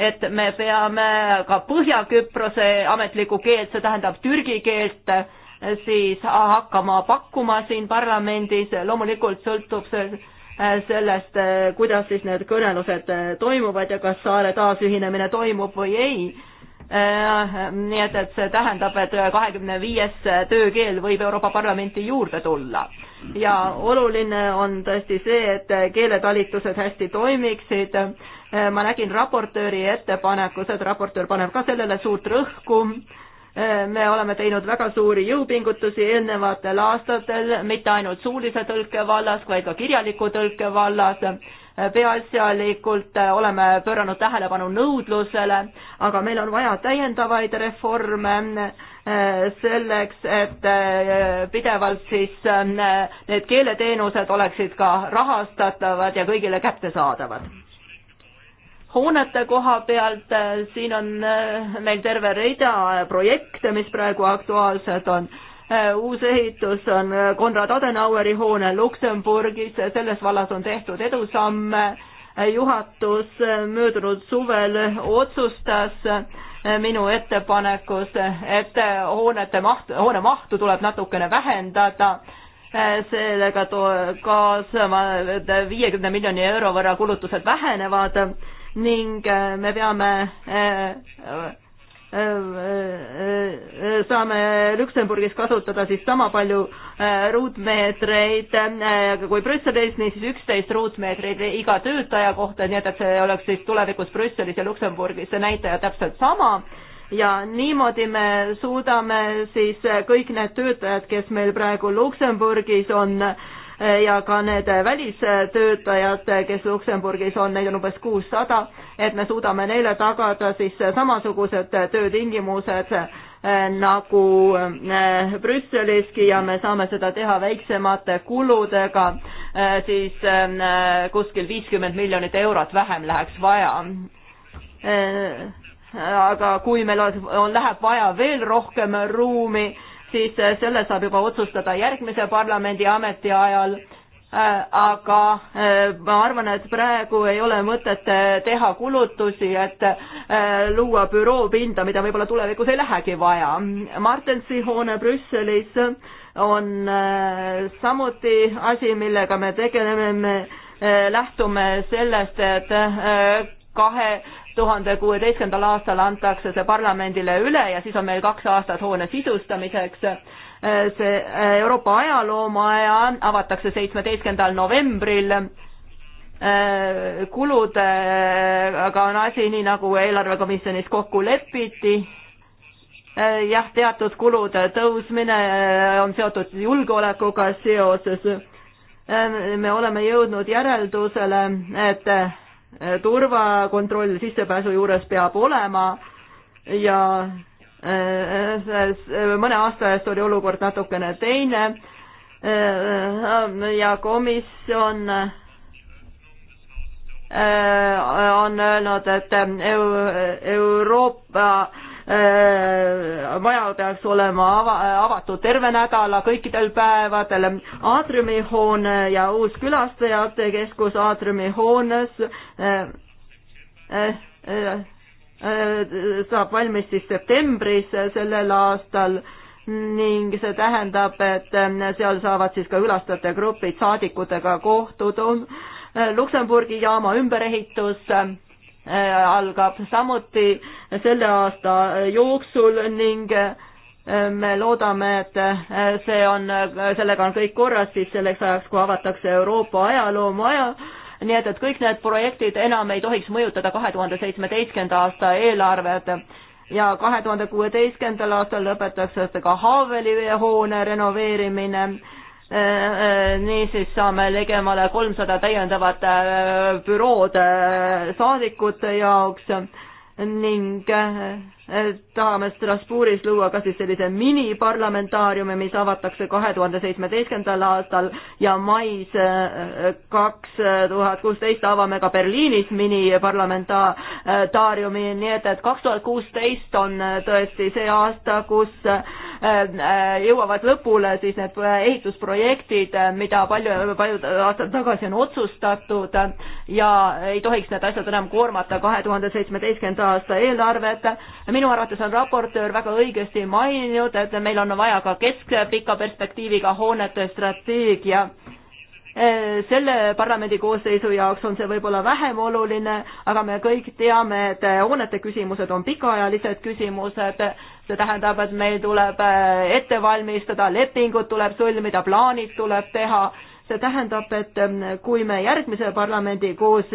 et me peame ka Põhja-Küprose ametlikku keelt, see tähendab türgi keelt, eh, siis hakkama pakkuma siin parlamendis, loomulikult sõltub see eh, sellest, kuidas siis need kõnelused toimuvad ja kas saare taasühinemine toimub või ei Äh, nii et, et see tähendab, et kahekümne viies töökeel võib Euroopa Parlamenti juurde tulla. ja oluline on tõesti see, et keeletalitused hästi toimiksid, äh, ma nägin raportööri ettepanekus, et raportöör paneb ka sellele suurt rõhku me oleme teinud väga suuri jõupingutusi eelnevatel aastatel, mitte ainult suulise tõlke vallas, vaid ka kirjaliku tõlke vallas. peaasjalikult oleme pööranud tähelepanu nõudlusele, aga meil on vaja täiendavaid reforme eh, selleks, et eh, pidevalt siis eh, need keeleteenused oleksid ka rahastatavad ja kõigile kättesaadavad hoonete koha pealt, siin on eh, meil terve rida projekte, mis praegu aktuaalsed on. Eh, uus ehitus on Konrad Adenaueri hoone Luksemburgis, selles vallas on tehtud edusamme. Eh, juhatus möödunud suvel otsustas minu ettepanekus, et hoonete maht, hoone mahtu tuleb natukene vähendada sellega to-, kaasama viiekümne miljoni euro võrra kulutused vähenevad ning äh, me peame äh, äh, saame Luksemburgis kasutada siis sama palju ruutmeetreid kui Brüsselis, niisiis üksteist ruutmeetrit iga töötaja kohta, nii et, et see oleks siis tulevikus Brüsselis ja Luksemburgis see näitaja täpselt sama ja niimoodi me suudame siis kõik need töötajad, kes meil praegu Luksemburgis on äh, ja ka need välistöötajad, kes Luksemburgis on, neid on umbes kuussada, et me suudame neile tagada siis samasugused töötingimused eh, nagu eh, Brüsseliski ja me saame seda teha väiksemate kuludega, eh, siis kuskil viiskümmend miljonit eurot vähem läheks vaja aga kui meil on, on, läheb vaja veel rohkem ruumi, siis selle saab juba otsustada järgmise parlamendi ametiajal äh, aga äh, ma arvan, et praegu ei ole mõtet äh, teha kulutusi, et luua büroo pinda, mida võib-olla tulevikus ei lähegi vaja. Martensi hoone Brüsselis on samuti asi, millega me tegeleme, me lähtume sellest, et kahe tuhande kuueteistkümnendal aastal antakse see parlamendile üle ja siis on meil kaks aastat hoone sisustamiseks. see eh, Euroopa ajaloomaja avatakse seitsmeteistkümnendal novembril eh, kuludega eh, on asi nii, nagu eelarvekomisjonis kokku lepiti. jah, teatud kulude tõusmine on seotud julgeolekuga seoses. me oleme jõudnud järeldusele, et turvakontroll sissepääsu juures peab olema ja äh, äh, mõne aasta eest oli olukord natukene teine äh, ja komisjon on öelnud, et Euroopa Äh, vaja peaks olema ava, avatud terve nädala kõikidel päevadel. aatriumihoone ja uus külastajate keskus aatriumihoones äh, äh, saab valmis siis septembris sellel aastal ning see tähendab, et seal saavad siis ka külastajate grupid saadikutega kohtuda. Luksemburgi jaama ümberehitus Äh, algab samuti selle aasta jooksul ning äh, me loodame, et äh, see on, sellega on kõik korras siis selleks ajaks, kui avatakse Euroopa ajaloomaja, nii et, et kõik need projektid enam ei tohiks mõjutada kahe tuhande seitsmeteistkümnenda aasta eelarved ja kahe tuhande kuueteistkümnendal aastal lõpetatakse ka Haveli hoone renoveerimine Äh, äh, niisiis saame ligemale kolmsada täiendavat äh, bürood saadikute jaoks ning tahame Strasbourgis luua ka siis sellise miniparlamentaariumi, mis avatakse kahe tuhande seitsmeteistkümnendal aastal ja mais kaks tuhat kuusteist avame ka Berliinis miniparlamentaariumi, nii et, et kaks tuhat kuusteist on tõesti see aasta, kus Äh, äh, jõuavad lõpule siis need ehitusprojektid, mida palju, paljud aastad tagasi on otsustatud ja ei tohiks need asjad enam koormata kahe tuhande seitsmeteistkümnenda aasta eelarvet. minu arvates on raportöör väga õigesti maininud, et meil on vaja ka keskpika perspektiiviga hoonete strateegia äh, selle parlamendikoosseisu jaoks on see võib-olla vähem oluline, aga me kõik teame, et hoonete küsimused on pikaajalised küsimused see tähendab, et meil tuleb äh, ette valmistada, lepingud tuleb sõlmida, plaanid tuleb teha, see tähendab, et ähm, kui me järgmise parlamendi koos,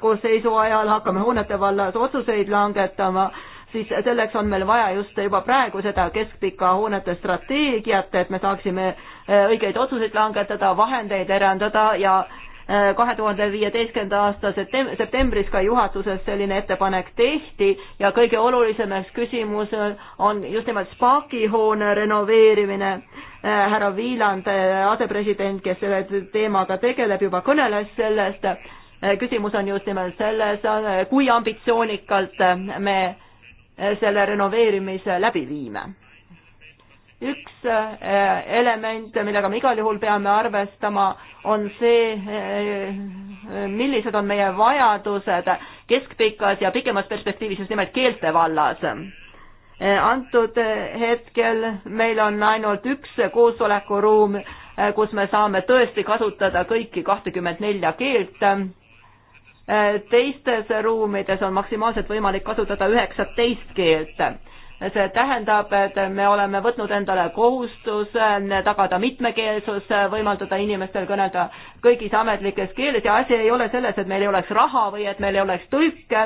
koosseisu ajal hakkame hoonete vallas otsuseid langetama, siis selleks on meil vaja just juba praegu seda keskpika hoonete strateegiat, et me saaksime äh, õigeid otsuseid langetada, vahendeid erandada ja kahe tuhande viieteistkümnenda aasta septembris ka juhatuses selline ettepanek tehti ja kõige olulisemaks küsimus on just nimelt Spaki hoone renoveerimine. Äh, härra Viiland, äh, asepresident, kes selle teemaga tegeleb, juba kõneles sellest. Äh, küsimus on just nimelt selles, kui ambitsioonikalt me selle renoveerimise läbi viime üks äh, element, millega me igal juhul peame arvestama, on see, äh, millised on meie vajadused keskpikas ja pikemas perspektiivis just nimelt keelte vallas. Äh, antud hetkel meil on ainult üks koosolekuruum, kus me saame tõesti kasutada kõiki kahtekümmet nelja keelt. teistes ruumides on maksimaalselt võimalik kasutada üheksateist keelt see tähendab, et me oleme võtnud endale kohustuse tagada mitmekeelsus, võimaldada inimestel kõnelda kõigis ametlikes keeles ja asi ei ole selles, et meil ei oleks raha või et meil ei oleks tõlke.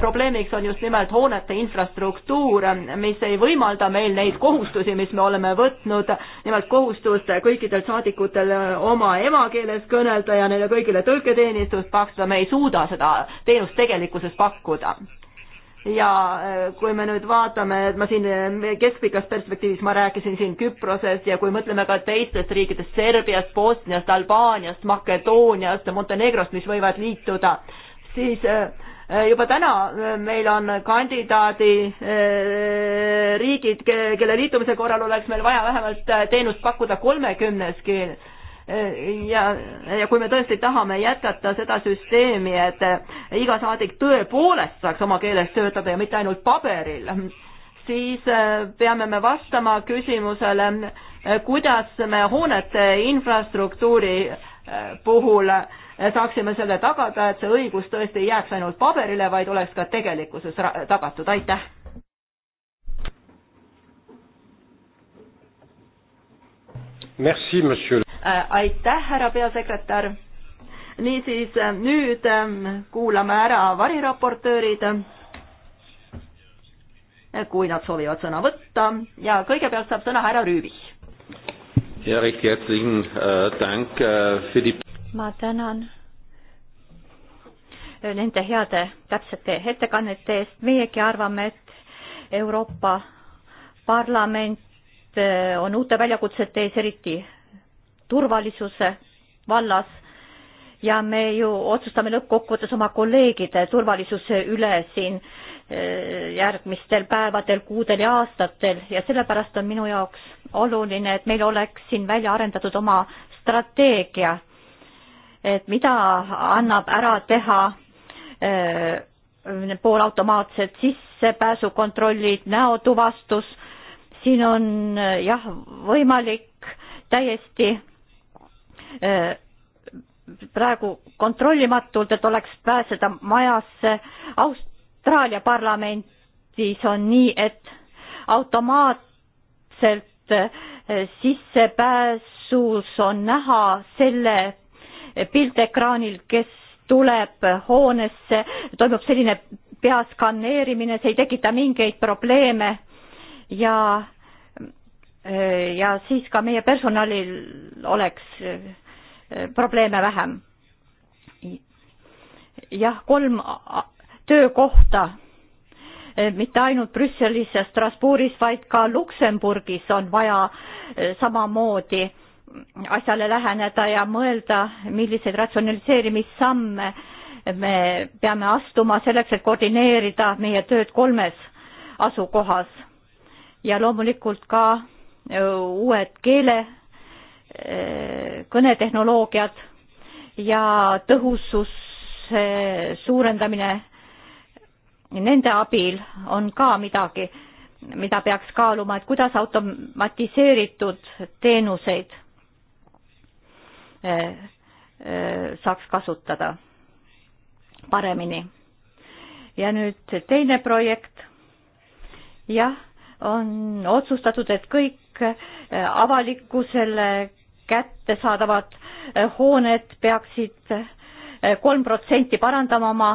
probleemiks on just nimelt hoonete infrastruktuur, mis ei võimalda meil neid kohustusi, mis me oleme võtnud, nimelt kohustust kõikidel saadikutel oma emakeeles kõnelda ja neile kõigile tõlketeenistust pakkuda, me ei suuda seda teenust tegelikkuses pakkuda ja äh, kui me nüüd vaatame, et ma siin äh, keskpikas perspektiivis ma rääkisin siin Küprosest ja kui mõtleme ka teistest riikidest, Serbiast, Bosniast, Albaaniast, Makedooniast, Montenegrost, mis võivad liituda, siis äh, juba täna meil on kandidaadi riigid, kelle liitumise korral oleks meil vaja vähemalt teenust pakkuda kolmekümneski ja, ja kui me tõesti tahame jätkata seda süsteemi, et iga saadik tõepoolest saaks oma keeles töötada ja mitte ainult paberil, siis äh, peame me vastama küsimusele, äh, kuidas me hoonete infrastruktuuri äh, puhul saaksime selle tagada, et see õigus tõesti ei jääks ainult paberile, vaid oleks ka tegelikkuses tagatud, aitäh!
Merci, monsieur.
Äh, aitäh, härra peasekretär. niisiis, äh, nüüd ähm, kuulame ära variraportöörid, äh, kui nad soovivad sõna võtta ja kõigepealt saab sõna härra Rüübis.
ja, Riki Jätling, tänk, Philipp.
ma tänan nende heade täpsete ettekannete eest, meiegi arvame, et Euroopa Parlament on uute väljakutsete ees, eriti turvalisuse vallas ja me ju otsustame lõppkokkuvõttes oma kolleegide turvalisuse üle siin eh, järgmistel päevadel, kuudel ja aastatel ja sellepärast on minu jaoks oluline, et meil oleks siin välja arendatud oma strateegia, et mida annab ära teha eh, poolautomaatsed sissepääsukontrollid, näotuvastus, siin on eh, jah, võimalik täiesti Äh, praegu kontrollimatult, et oleks pääseda majasse. Austraalia parlamentis on nii, et automaatselt äh, sissepääsus on näha selle piltekraanil, kes tuleb hoonesse, toimub selline peaskanneerimine, see ei tekita mingeid probleeme ja Äh, ja siis ka meie personalil oleks äh, probleeme vähem. jah, kolm töökohta, äh, mitte ainult Brüsselis ja Strasbourgis, vaid ka Luksemburgis on vaja samamoodi asjale läheneda ja mõelda, milliseid ratsionaliseerimissamme me peame astuma selleks, et koordineerida meie tööd kolmes asukohas. ja loomulikult ka uued keele eh, kõnetehnoloogiad ja tõhususe suurendamine nende abil on ka midagi, mida peaks kaaluma, et kuidas automatiseeritud teenuseid eh, eh, saaks kasutada paremini. ja nüüd teine projekt. jah, on otsustatud, et kõik kõik eh, avalikkusele kättesaadavad eh, hooned peaksid eh, kolm protsenti parandama oma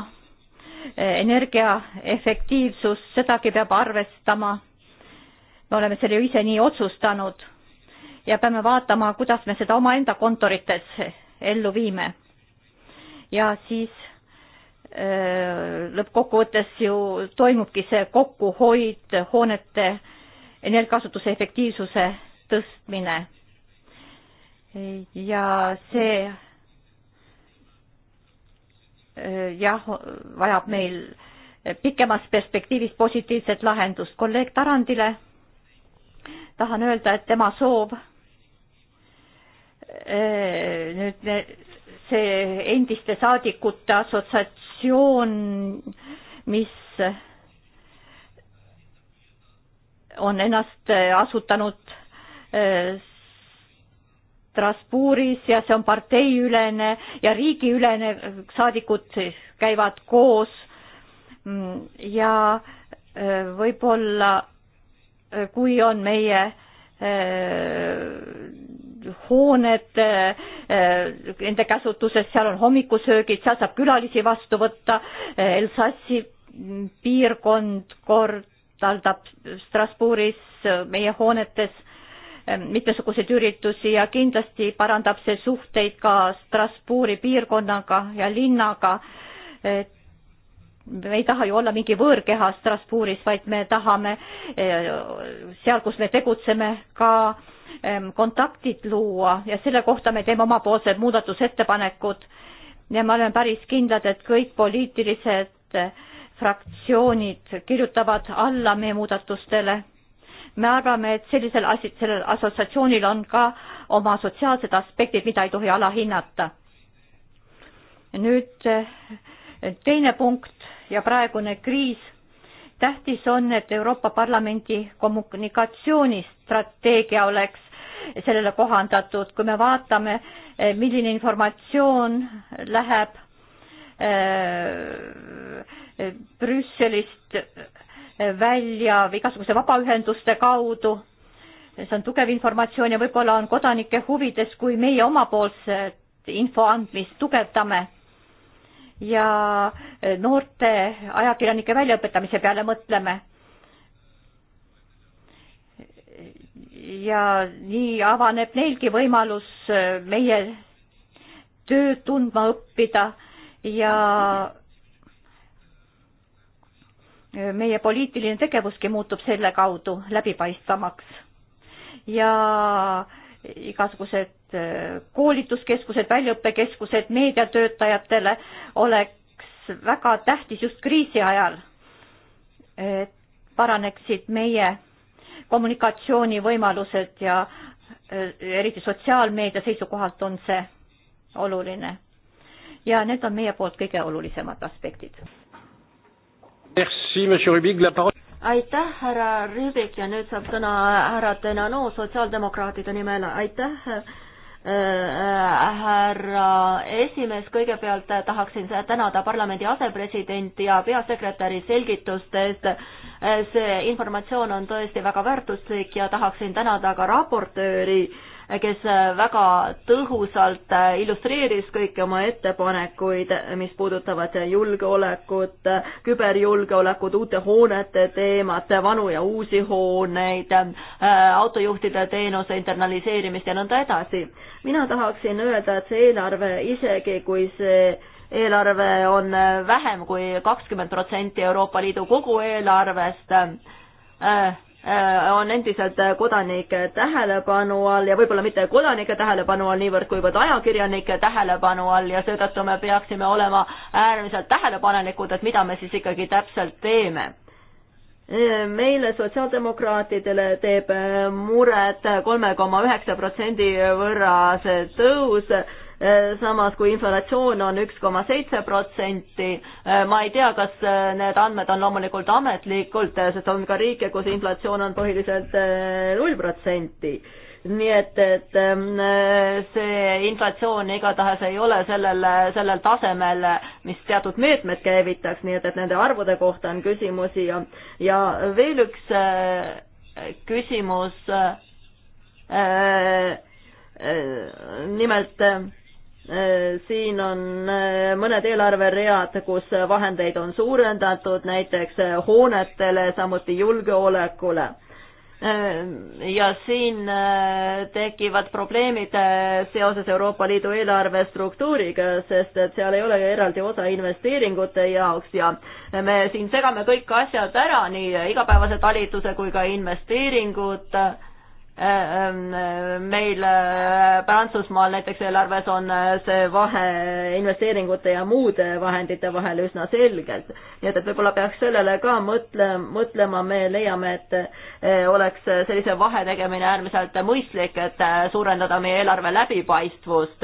energiaefektiivsust, sedagi peab arvestama. me oleme selle ju ise nii otsustanud ja peame vaatama, kuidas me seda omaenda kontorites ellu viime. ja siis lõppkokkuvõttes ju toimubki see kokkuhoid hoonete energiakasutuse efektiivsuse tõstmine. ja see äh, jah, vajab meil pikemas perspektiivis positiivset lahendust. kolleeg Tarandile tahan öelda, et tema soov äh, nüüd see endiste saadikute assotsiatsioon, mis on ennast eh, asutanud eh, Strasbourgis ja see on parteiülene ja riigiülene, saadikud käivad koos mm, ja eh, võib-olla kui on meie hooned nende käsutuses, seal on hommikusöögid, seal saab külalisi vastu võtta, Elsassi piirkond kord korraldab Strasbourgis äh, meie hoonetes ähm, mitmesuguseid üritusi ja kindlasti parandab see suhteid ka Strasbourgi piirkonnaga ja linnaga. me ei taha ju olla mingi võõrkeha Strasbourgis, vaid me tahame äh, seal, kus me tegutseme, ka ähm, kontaktid luua ja selle kohta me teeme omapoolsed muudatusettepanekud ja me oleme päris kindlad, et kõik poliitilised äh, fraktsioonid kirjutavad alla meie muudatustele. me arvame, et sellisel asi, sellel assotsiatsioonil on ka oma sotsiaalsed aspektid, mida ei tohi alahinnata. nüüd eh, teine punkt ja praegune kriis. tähtis on, et Euroopa Parlamendi kommunikatsioonistrateegia oleks sellele kohandatud, kui me vaatame, eh, milline informatsioon läheb Äh, Brüsselist välja või igasuguste vabaühenduste kaudu. see on tugev informatsioon ja võib-olla on kodanike huvides, kui meie omapoolset info andmist tugevdame ja noorte ajakirjanike väljaõpetamise peale mõtleme. ja nii avaneb neilgi võimalus meie tööd tundma õppida ja meie poliitiline tegevuski muutub selle kaudu läbipaistvamaks ja igasugused äh, koolituskeskused, väljaõppekeskused meediatöötajatele oleks väga tähtis just kriisi ajal, et paraneksid meie kommunikatsioonivõimalused ja äh, eriti sotsiaalmeedia seisukohalt on see oluline ja need on meie poolt kõige olulisemad aspektid.
aitäh, härra Rüübik ja nüüd saab sõna härra Denano sotsiaaldemokraatide nimel, aitäh äh, äh, härra esimees, kõigepealt tahaksin tänada parlamendi asepresidenti ja peasekretäri selgituste eest. Äh, see informatsioon on tõesti väga väärtuslik ja tahaksin tänada ka raportööri kes äh, väga tõhusalt äh, illustreeris kõiki oma ettepanekuid, äh, mis puudutavad julgeolekut, küberjulgeolekut, uute hoonete teemat, vanu ja uusi hooneid, autojuhtide teenuse internaliseerimist ja nõnda edasi. mina tahaksin öelda, et see eelarve, isegi kui see eelarve on vähem kui kakskümmend protsenti Euroopa Liidu kogu eelarvest äh,, Äh, on endiselt äh, kodanike tähelepanu all ja võib-olla mitte kodanike tähelepanu all niivõrd, kuivõrd ajakirjanike tähelepanu all ja seetõttu me peaksime olema äärmiselt tähelepanelikud, et mida me siis ikkagi täpselt teeme. Äh, meile, sotsiaaldemokraatidele, teeb muret kolme koma üheksa protsendi võrra see tõus Äh, samas kui inflatsioon on üks koma seitse protsenti. Äh, ma ei tea, kas äh, need andmed on loomulikult ametlikult, sest on ka riike, kus inflatsioon on põhiliselt null protsenti nii et, et ähm, see inflatsioon igatahes ei ole sellel, sellel tasemel, mis teatud meetmed käivitaks, nii et, et nende arvude kohta on küsimusi ja, ja veel üks küsimus. nimelt Äh, siin on äh, mõned eelarveread, kus vahendeid on suurendatud, näiteks äh, hoonetele, samuti julgeolekule. ja siin tekivad probleemid seoses Euroopa Liidu eelarve struktuuriga, sest et seal ei ole ju eraldi osa investeeringute jaoks ja me siin segame kõik asjad ära, nii igapäevase talituse kui ka investeeringud meil äh, Prantsusmaal näiteks eelarves on äh, see vahe investeeringute ja muude vahendite vahel üsna selgelt. nii et, et võib-olla peaks sellele ka mõtle, mõtlema, me leiame, et äh, oleks sellise vahe tegemine äärmiselt mõistlik, et suurendada meie eelarve läbipaistvust.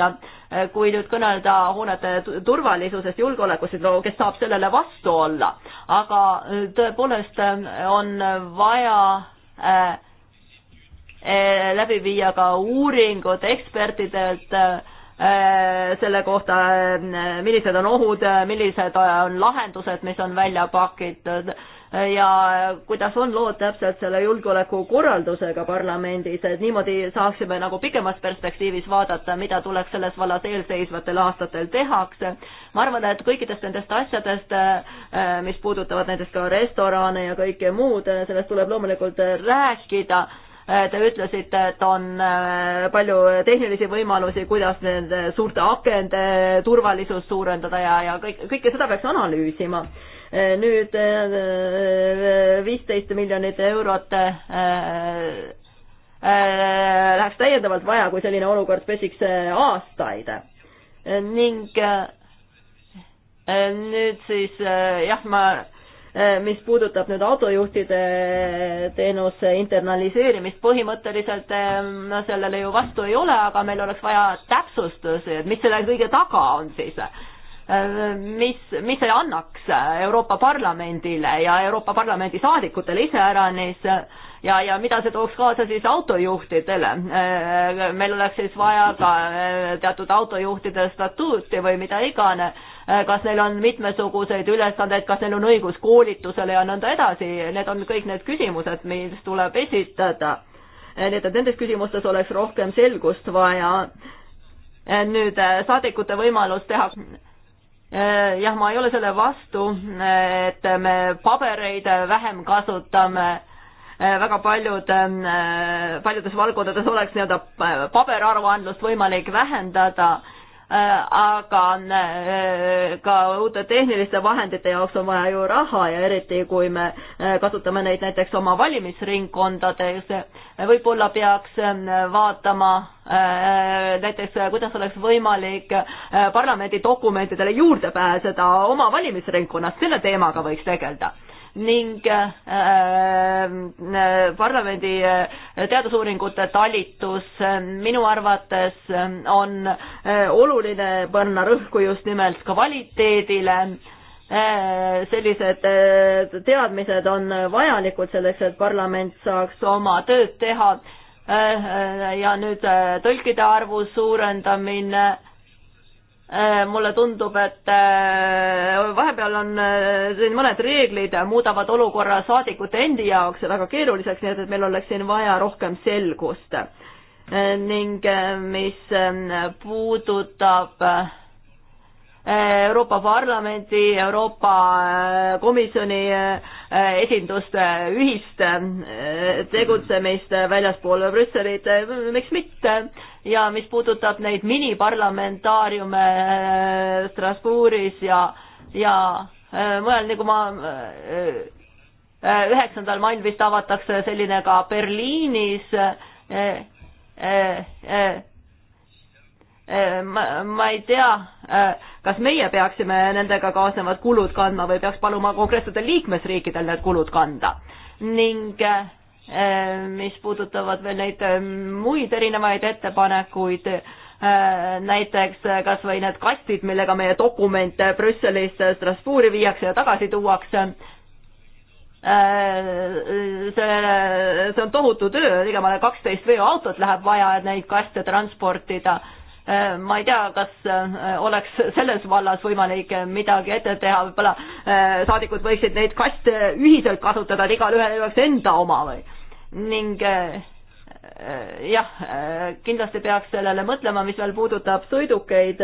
kui nüüd kõnelda hoonete turvalisusest, julgeolekust, siis no kes saab sellele vastu olla, aga tõepoolest on vaja äh, Eh, läbi viia ka uuringud ekspertidelt eh, selle kohta, eh, millised on ohud, millised on lahendused, mis on välja pakitud ja kuidas on lood täpselt selle julgeolekukorraldusega parlamendis, et niimoodi saaksime nagu pikemas perspektiivis vaadata, mida tuleks selles vallas eelseisvatel aastatel tehakse. ma arvan, et kõikidest nendest asjadest, mis puudutavad näiteks ka restorane ja kõike muud, sellest tuleb loomulikult rääkida Äh, te ütlesite, et on äh, palju tehnilisi võimalusi, kuidas nende suurte akende turvalisust suurendada ja, ja kõik, kõike seda peaks analüüsima. Äh, nüüd viisteist miljonit eurot läheks täiendavalt vaja, kui selline olukord pesiks aastaid ning nüüd siis jah, ma Eh, mis puudutab nüüd autojuhtide teenuse internaliseerimist, põhimõtteliselt eh, no sellele ju vastu ei ole, aga meil oleks vaja täpsustusi, et mis selle kõige taga on siis. Eh, mis, mis see annaks Euroopa Parlamendile ja Euroopa Parlamendi saadikutele iseäranis ja, ja mida see tooks kaasa siis autojuhtidele. meil oleks siis vaja ka teatud autojuhtide statuuti või mida iganes Äh, kas neil on mitmesuguseid ülesandeid, kas neil on õigus koolitusele ja nõnda edasi, need on kõik need küsimused, mis tuleb esitada. Äh, nii et nendes küsimustes oleks rohkem selgust vaja. Äh, nüüd saadikute võimalus teha jah, ma ei ole selle vastu, et me pabereid vähem kasutame, väga paljud, paljudes valdkondades oleks nii-öelda paberaruandlust võimalik vähendada Äh, aga äh, ka uute tehniliste vahendite jaoks on vaja ju raha ja eriti, kui me äh, kasutame neid näiteks oma valimisringkondades, võib-olla peaks vaatama näiteks, kuidas oleks võimalik parlamendi dokumentidele juurde pääseda oma valimisringkonnas, selle teemaga võiks tegeleda ning äh, parlamendi äh, teadusuuringute talitus äh, minu arvates on oluline panna rõhku just nimelt kvaliteedile sellised teadmised on vajalikud selleks, et parlament saaks oma tööd teha ja nüüd tõlkide arvu suurendamine Äh, mulle tundub, et äh, vahepeal on äh, siin mõned reeglid muudavad olukorra saadikute endi jaoks väga keeruliseks, nii et, et meil oleks siin vaja rohkem selgust. ning mis ähm, puudutab Euroopa Parlamendi, Euroopa Komisjoni esinduste ühist tegutsemist väljaspool Brüsselit, miks mitte ja mis puudutab neid miniparlamentaariume äh, Strasbourgis ja, ja äh, mujal, nagu ma äh, üheksandal mail vist avatakse selline ka Berliinis. ma, ma ei tea, kas meie peaksime nendega kaasnevad kulud kandma või peaks paluma konkreetsetel liikmesriikidel need kulud kanda ning äh, Äh, mis puudutavad veel neid äh, muid erinevaid ettepanekuid, äh, näiteks kas või need kastid, millega meie dokumente Brüsselist Strasbourgi viiakse ja tagasi tuuakse, see, see on tohutu töö, ligemale kaksteist veoautot läheb vaja, et neid kaste transportida ma ei tea, kas oleks selles vallas võimalik midagi ette teha, võib-olla saadikud võiksid neid kaste ühiselt kasutada, et igalühel ei oleks enda oma või? ning äh, äh, jah, äh, kindlasti peaks sellele mõtlema, mis veel puudutab sõidukeid,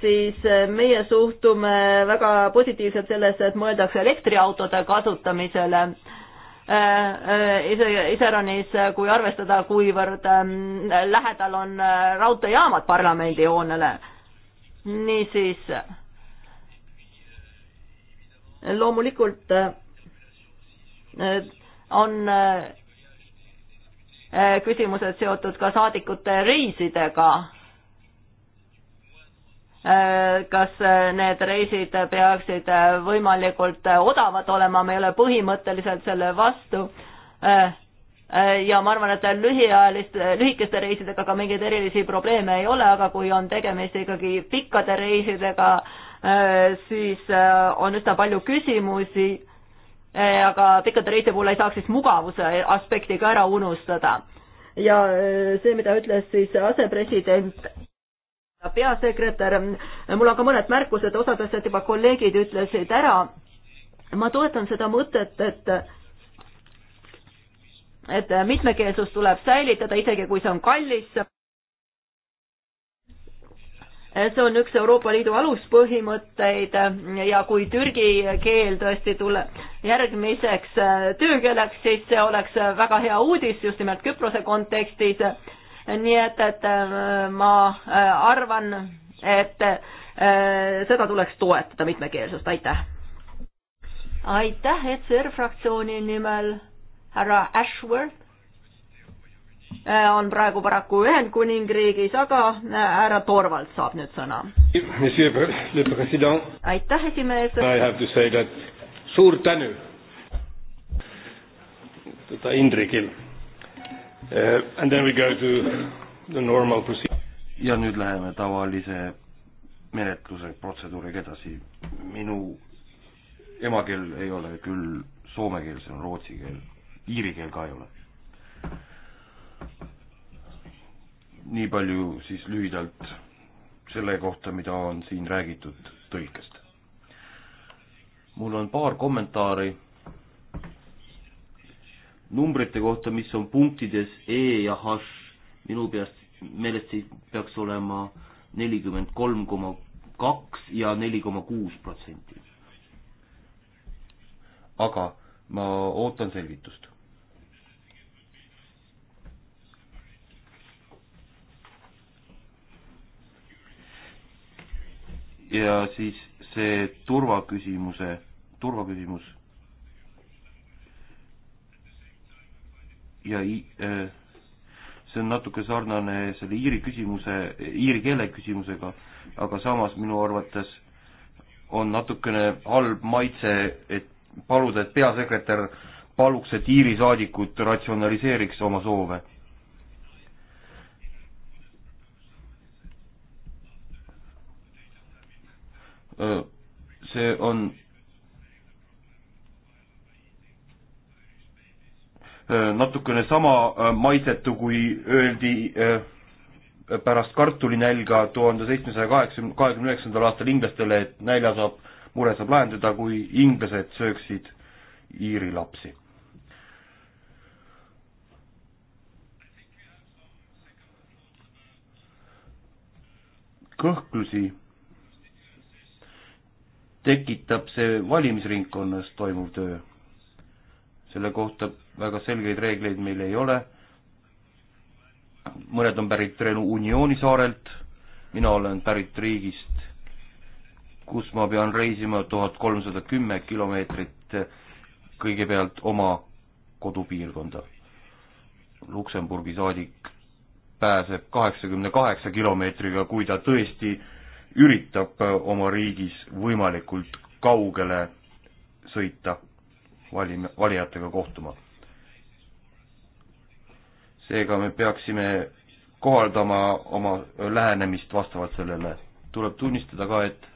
siis meie suhtume väga positiivselt sellesse, et mõeldakse elektriautode kasutamisele ise, iseäranis, kui arvestada, kuivõrd ähm, lähedal on raudteejaamad parlamendihoonele. niisiis loomulikult on äh, küsimused seotud ka saadikute reisidega. Äh, kas need reisid peaksid võimalikult odavad olema, me ei ole põhimõtteliselt selle vastu. Äh, ja ma arvan, et lühiajaliste, lühikeste reisidega ka mingeid erilisi probleeme ei ole, aga kui on tegemist ikkagi pikkade reisidega, siis on üsna palju küsimusi Eh, aga pikkade reide puhul ei saaks siis mugavuse aspekti ka ära unustada. ja eh, see, mida ütles siis asepresident peasekretär, eh, mul on ka mõned märkused, osad asjad juba kolleegid ütlesid ära. ma toetan seda mõtet, et et mitmekeelsus tuleb säilitada, isegi kui see on kallis see on üks Euroopa Liidu aluspõhimõtteid ja kui türgi keel tõesti tuleb järgmiseks töökeeleks, siis see oleks väga hea uudis just nimelt Küprose kontekstis. nii et, et äh, ma äh, arvan, et äh, seda tuleks toetada, mitmekeelsust, aitäh. aitäh ECR fraktsiooni nimel, härra Ashworth Äh, on praegu paraku Ühendkuningriigis, aga äh, härra Torvald saab nüüd sõna. aitäh, esimees.
suur tänu tota Indrekil uh,.
Äh, and then we go to the normal procedure. ja nüüd läheme tavalise menetluse protseduuriga edasi. minu emakeel ei ole küll soome keel, see on rootsi keel, iiri keel ka ei ole nii palju siis lühidalt selle kohta, mida on siin räägitud tõlkest. mul on paar kommentaari numbrite kohta, mis on punktides E ja H, minu peast, meelest siis peaks olema nelikümmend kolm koma kaks ja neli koma kuus protsenti. aga ma ootan selgitust. ja siis see turvaküsimuse, turvaküsimus ja äh, see on natuke sarnane selle iiri küsimuse, iiri keele küsimusega, aga samas minu arvates on natukene halb maitse, et paluda, et peasekretär paluks, et Iiri saadikud ratsionaliseeriks oma soove see on natukene sama maitsetu, kui öeldi pärast kartulinälga tuhande seitsmesaja kaheksakümne, kahekümne üheksandal aastal inglastele, et nälja saab, mure saab lahendada, kui inglased sööksid Iiri lapsi. kõhklusi tekitab see valimisringkonnas toimuv töö. selle kohta väga selgeid reegleid meil ei ole, mõned on pärit Renu Unioni saarelt, mina olen pärit riigist, kus ma pean reisima tuhat kolmsada kümme kilomeetrit kõigepealt oma kodupiirkonda. Luksemburgi saadik pääseb kaheksakümne kaheksa kilomeetriga, kui ta tõesti üritab äh, oma riigis võimalikult kaugele sõita valim-, valijatega kohtuma. seega me peaksime kohaldama oma äh, lähenemist vastavalt sellele. tuleb tunnistada ka, et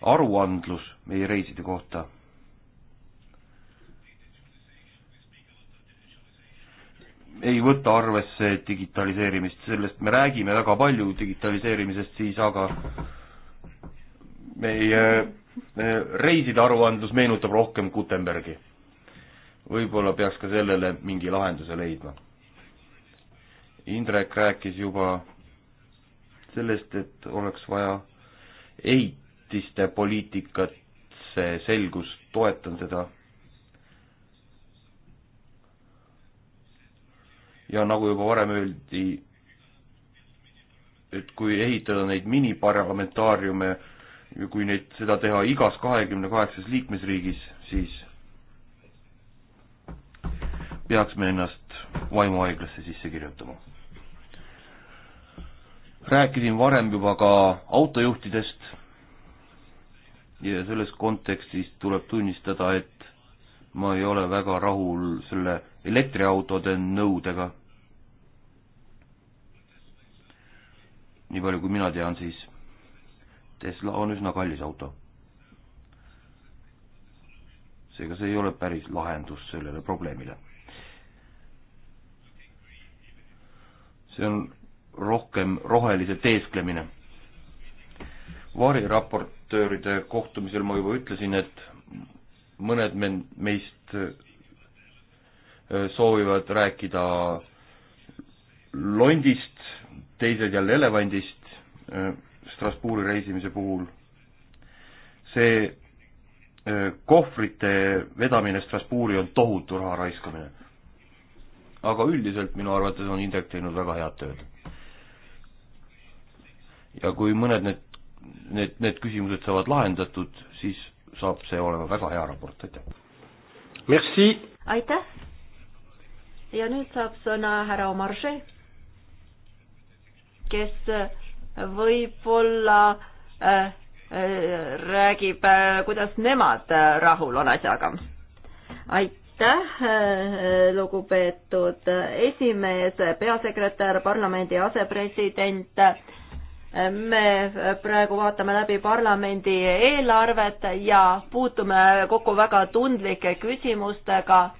aruandlus meie reiside kohta ei võta arvesse digitaliseerimist, sellest me räägime väga palju digitaliseerimisest siis, aga meie reiside aruandlus meenutab rohkem Gutenbergi. võib-olla peaks ka sellele mingi lahenduse leidma. Indrek rääkis juba sellest, et oleks vaja ehitiste poliitikat, see selgus, toetan seda ja nagu juba varem öeldi, et kui ehitada neid miniparlamentaariume, kui neid, seda teha igas kahekümne kaheksas liikmesriigis, siis peaks me ennast vaimuhaiglasse sisse kirjutama. rääkisin varem juba ka autojuhtidest ja selles kontekstis tuleb tunnistada, et ma ei ole väga rahul selle elektriautode nõudega nii palju kui mina tean, siis Tesla on üsna kallis auto. seega see ei ole päris lahendus sellele probleemile. see on rohkem rohelise teesklemine. variraportööride kohtumisel ma juba ütlesin, et mõned men-, meist äh, soovivad rääkida londist, teised jälle elevandist äh, Strasbourgi reisimise puhul. see äh, kohvrite vedamine Strasbourgi on tohutu raha raiskamine. aga üldiselt minu arvates on Indrek teinud väga head tööd. ja kui mõned need, need, need küsimused saavad lahendatud, siis saab see olema väga hea raport, aitäh! Merci!
aitäh! ja nüüd saab sõna härra Omarže kes võib-olla äh, äh, räägib, äh, kuidas nemad rahul on asjaga. aitäh, lugupeetud esimees, peasekretär, parlamendi asepresident. me praegu vaatame läbi parlamendi eelarvet ja puutume kokku väga tundlike küsimustega,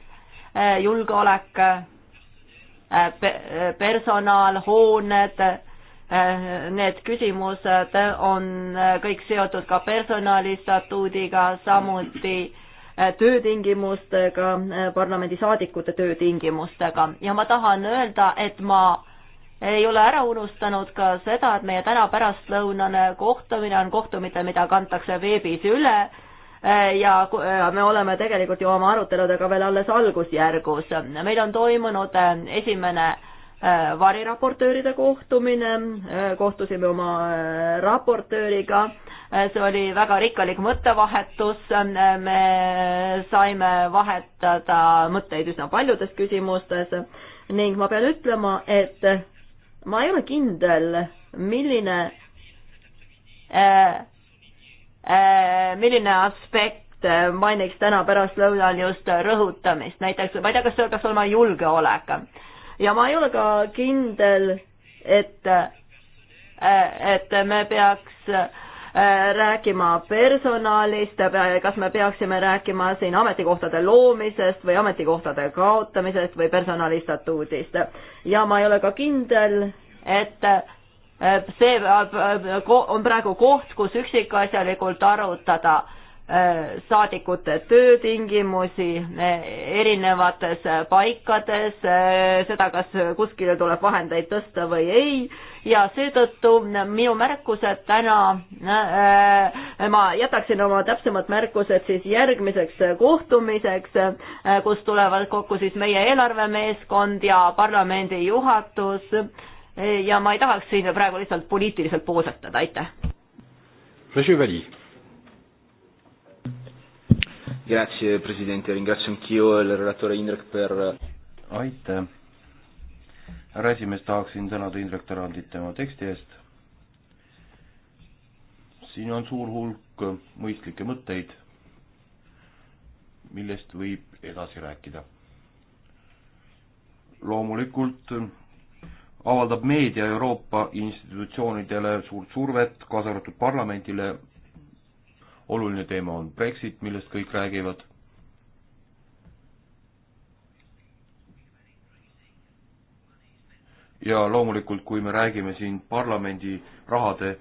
julgeolek, personal, hooned Need küsimused on kõik seotud ka personalistatuudiga, samuti eh, töötingimustega, eh, parlamendisaadikute töötingimustega ja ma tahan öelda, et ma ei ole ära unustanud ka seda, et meie täna pärastlõunane kohtumine on kohtumine, mida kantakse veebis üle eh, ja me oleme tegelikult ju oma aruteludega veel alles algusjärgus. meil on toimunud esimene Äh, variraportööride kohtumine, äh, kohtusime oma äh, raportööriga, see oli väga rikkalik mõttevahetus, me saime vahetada mõtteid üsna paljudes küsimustes ning ma pean ütlema, et ma ei ole kindel, milline äh, milline aspekt mainiks täna pärastlõunal just rõhutamist, näiteks ma ei tea, kas see peaks olema julgeolek ja ma ei ole ka kindel, et, äh, et me peaks äh, rääkima personalist, kas me peaksime rääkima siin ametikohtade loomisest või ametikohtade kaotamisest või personalistatuudist. ja ma ei ole ka kindel, et äh, see on praegu koht, kus üksikasjalikult arutada saadikute töötingimusi eh, erinevates paikades, eh, seda, kas kuskile tuleb vahendeid tõsta või ei ja seetõttu minu märkused täna, eh, ma jätaksin oma täpsemad märkused siis järgmiseks kohtumiseks, kus tulevad kokku siis meie eelarvemeeskond ja parlamendi juhatus ja ma ei tahaks siin praegu lihtsalt poliitiliselt poosetada, aitäh.
Monsieur Valli Grazie Presidente, ringrazio anch'io
il relatore Indrek per
aitäh! härra esimees, tahaksin tänada Indrek Tarandit tema teksti eest. siin on suur hulk mõistlikke mõtteid, millest võib edasi rääkida. loomulikult avaldab meedia Euroopa institutsioonidele suurt survet, kaasa arvatud parlamendile, oluline teema on Brexit, millest kõik räägivad. ja loomulikult, kui me räägime siin parlamendi rahade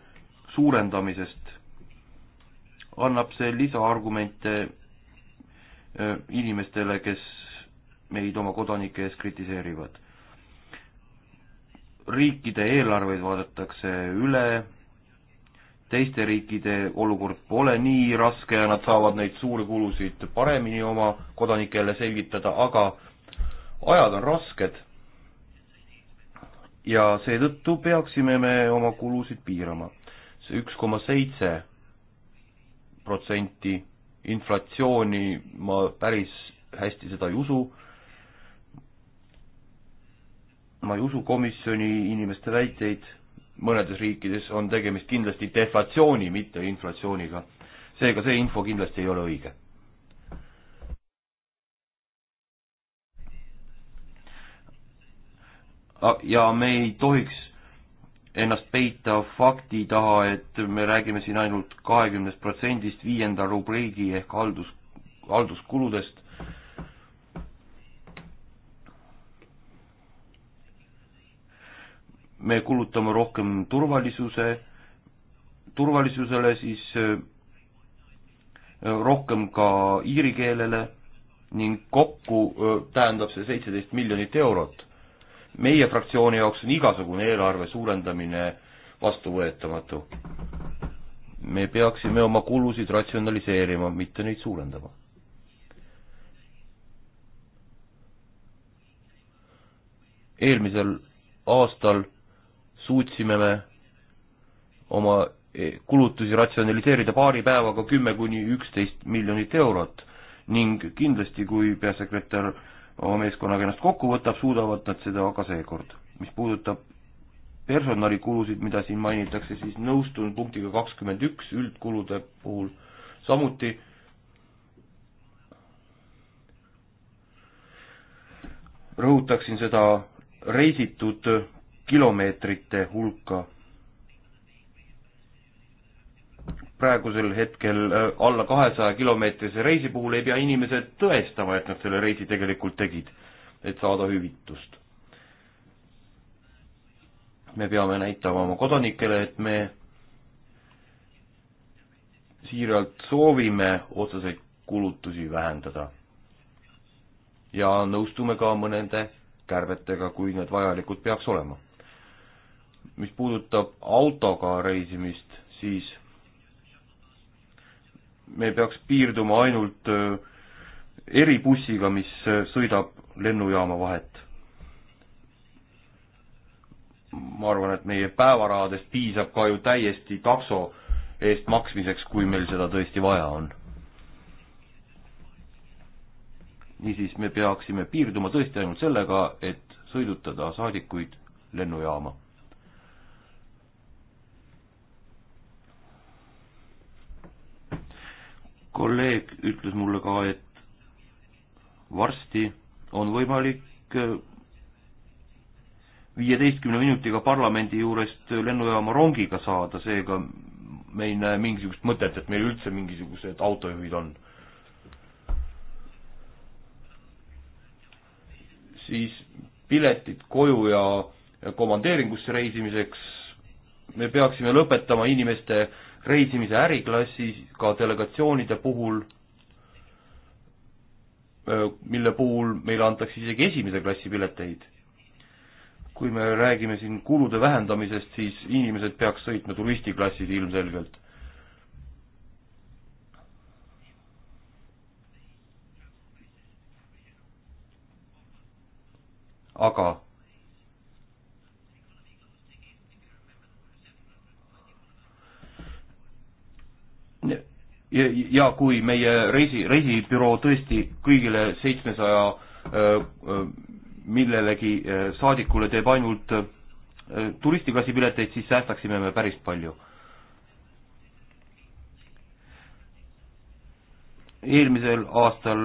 suurendamisest, annab see lisaargumente äh, inimestele, kes meid oma kodanike ees kritiseerivad. riikide eelarveid vaadatakse üle teiste riikide olukord pole nii raske ja nad saavad neid suuri kulusid paremini oma kodanikele selgitada, aga ajad on rasked. ja seetõttu peaksime me oma kulusid piirama. see üks koma seitse protsenti inflatsiooni, ma päris hästi seda ei usu. ma ei usu komisjoni inimeste väiteid mõnedes riikides on tegemist kindlasti deflatsiooni, mitte inflatsiooniga. seega see info kindlasti ei ole õige. ja me ei tohiks ennast peita fakti taha, et me räägime siin ainult kahekümnest protsendist viienda rubriigi ehk haldus, halduskuludest me kulutame rohkem turvalisuse, turvalisusele, siis äh, rohkem ka iiri keelele ning kokku äh, tähendab see seitseteist miljonit eurot. meie fraktsiooni jaoks on igasugune eelarve suurendamine vastuvõetamatu. me peaksime oma kulusid ratsionaliseerima, mitte neid suurendama. eelmisel aastal suutsime me oma eh, kulutusi ratsionaliseerida paari päevaga kümme kuni üksteist miljonit eurot ning kindlasti, kui peasekretär oma meeskonnaga ennast kokku võtab, suudavad nad seda ka seekord. mis puudutab personalikulusid, mida siin mainitakse, siis nõustun punktiga kakskümmend üks üldkulude puhul samuti. rõhutaksin seda reisitud kilomeetrite hulka. praegusel hetkel äh, alla kahesaja kilomeetrise reisi puhul ei pea inimesed tõestama, et nad selle reisi tegelikult tegid, et saada hüvitust. me peame näitama oma kodanikele, et me siiralt soovime otseseid kulutusi vähendada. ja nõustume ka mõnede kärbetega, kui need vajalikud peaks olema mis puudutab autoga reisimist, siis me peaks piirduma ainult äh, eribussiga, mis äh, sõidab lennujaama vahet. ma arvan, et meie päevarahadest piisab ka ju täiesti takso eest maksmiseks, kui meil seda tõesti vaja on. niisiis, me peaksime piirduma tõesti ainult sellega, et sõidutada saadikuid lennujaama kolleeg ütles mulle ka, et varsti on võimalik äh, viieteistkümne minutiga parlamendi juurest lennujaama rongiga saada, seega me ei näe mingisugust mõtet, et meil üldse mingisugused autojuhid on. siis piletid koju ja komandeeringusse reisimiseks, me peaksime lõpetama inimeste äh, reisimise äriklassiga delegatsioonide puhul, mille puhul meile antakse isegi esimese klassi pileteid. kui me räägime siin kulude vähendamisest, siis inimesed peaks sõitma turistiklassis ilmselgelt. aga ja, ja kui meie reisi, reisibüroo tõesti kõigile seitsmesaja millelegi saadikule teeb ainult turistikassipileteid, siis säästaksime me päris palju. eelmisel aastal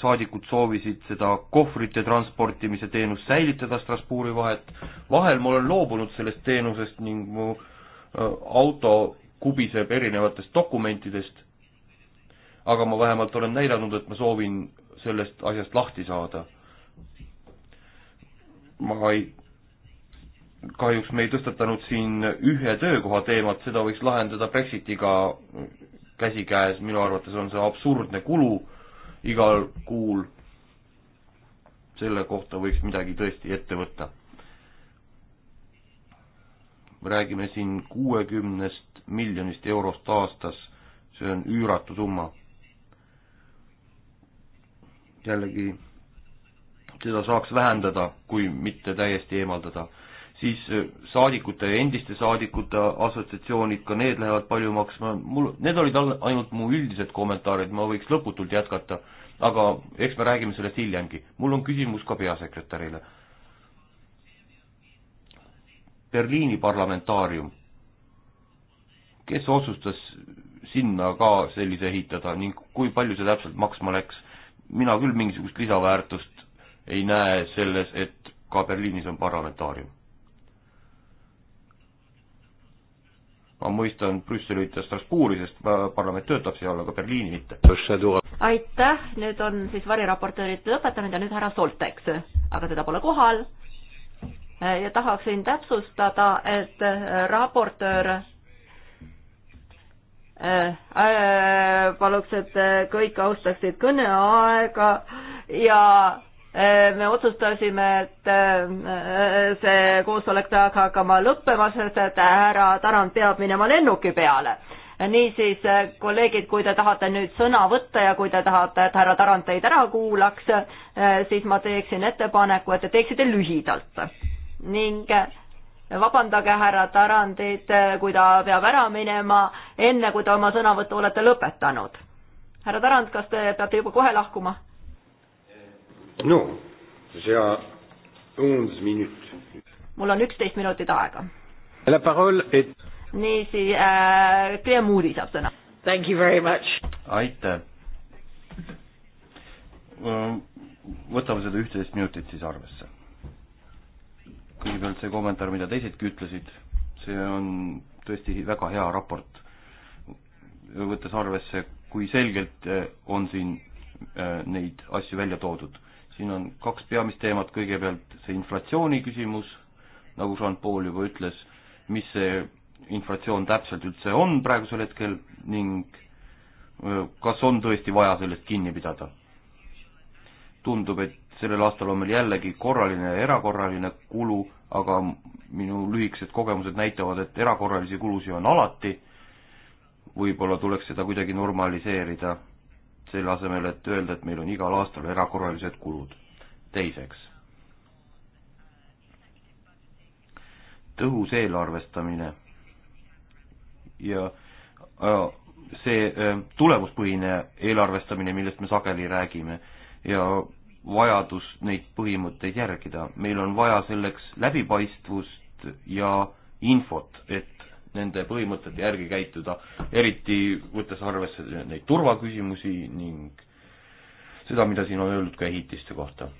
saadikud soovisid seda kohvrite transportimise teenust säilitada Strasbourgi vahet, vahel ma olen loobunud sellest teenusest ning mu auto kubiseb erinevatest dokumentidest aga ma vähemalt olen näidanud, et ma soovin sellest asjast lahti saada. ma ei, kahjuks me ei tõstatanud siin ühe töökoha teemat, seda võiks lahendada Brexitiga käsikäes, minu arvates on see absurdne kulu igal kuul. selle kohta võiks midagi tõesti ette võtta. me räägime siin kuuekümnest miljonist eurost aastas, see on üüratu summa jällegi seda saaks vähendada, kui mitte täiesti eemaldada. siis äh, saadikute, endiste saadikute assotsiatsioonid, ka need lähevad palju maksma, mul, need olid all, ainult mu üldised kommentaarid, ma võiks lõputult jätkata, aga eks me räägime sellest hiljemgi. mul on küsimus ka peasekretärile. Berliini parlamentaarium, kes otsustas sinna ka sellise ehitada ning kui palju see täpselt maksma läks? mina küll mingisugust lisaväärtust ei näe selles, et ka Berliinis on parlamentaarium. ma mõistan Brüsselit ja Strasbourgi, sest parlament töötab seal, aga Berliini mitte.
aitäh, nüüd on siis variraportöörid lõpetanud ja nüüd härra Solteks, aga teda pole kohal. ja tahaksin täpsustada, et raportöör Äh, äh, paluks, et äh, kõik austaksid kõneaega ja me otsustasime, et see koosolek peaks hakkama lõppema, sest et härra Tarand peab minema lennuki peale. niisiis, kolleegid, kui te tahate nüüd sõna võtta ja kui te tahate, et härra Tarand teid ära kuulaks, siis ma teeksin ettepaneku, et te teeksite lühidalt ning vabandage härra Tarandit, kui ta peab ära minema, enne kui te oma sõnavõttu olete lõpetanud. härra Tarand, kas te peate juba kohe lahkuma?
no, see on minut.
mul on üksteist minutit aega.
La parole est
niisiis äh,, Clea Moody saab sõna. Thank you very much.
aitäh. võtame seda ühteteist minutit siis arvesse kõigepealt see kommentaar, mida teisedki ütlesid, see on tõesti väga hea raport, võttes arvesse, kui selgelt eh, on siin eh, neid asju välja toodud. siin on kaks peamist teemat, kõigepealt see inflatsiooni küsimus, nagu Jean-Paul juba ütles, mis see inflatsioon täpselt üldse on praegusel hetkel ning eh, kas on tõesti vaja sellest kinni pidada. tundub, et sellel aastal on meil jällegi korraline ja erakorraline kulu, aga minu lühikesed kogemused näitavad, et erakorralisi kulusid on alati, võib-olla tuleks seda kuidagi normaliseerida, selle asemel, et öelda, et meil on igal aastal erakorralised kulud. teiseks, tõhus eelarvestamine ja äh, see äh, tulemuspõhine eelarvestamine, millest me sageli räägime ja vajadus neid põhimõtteid järgida, meil on vaja selleks läbipaistvust ja infot, et nende põhimõtete järgi käituda, eriti võttes arvesse neid turvaküsimusi ning seda, mida siin on öeldud ka ehitiste kohta.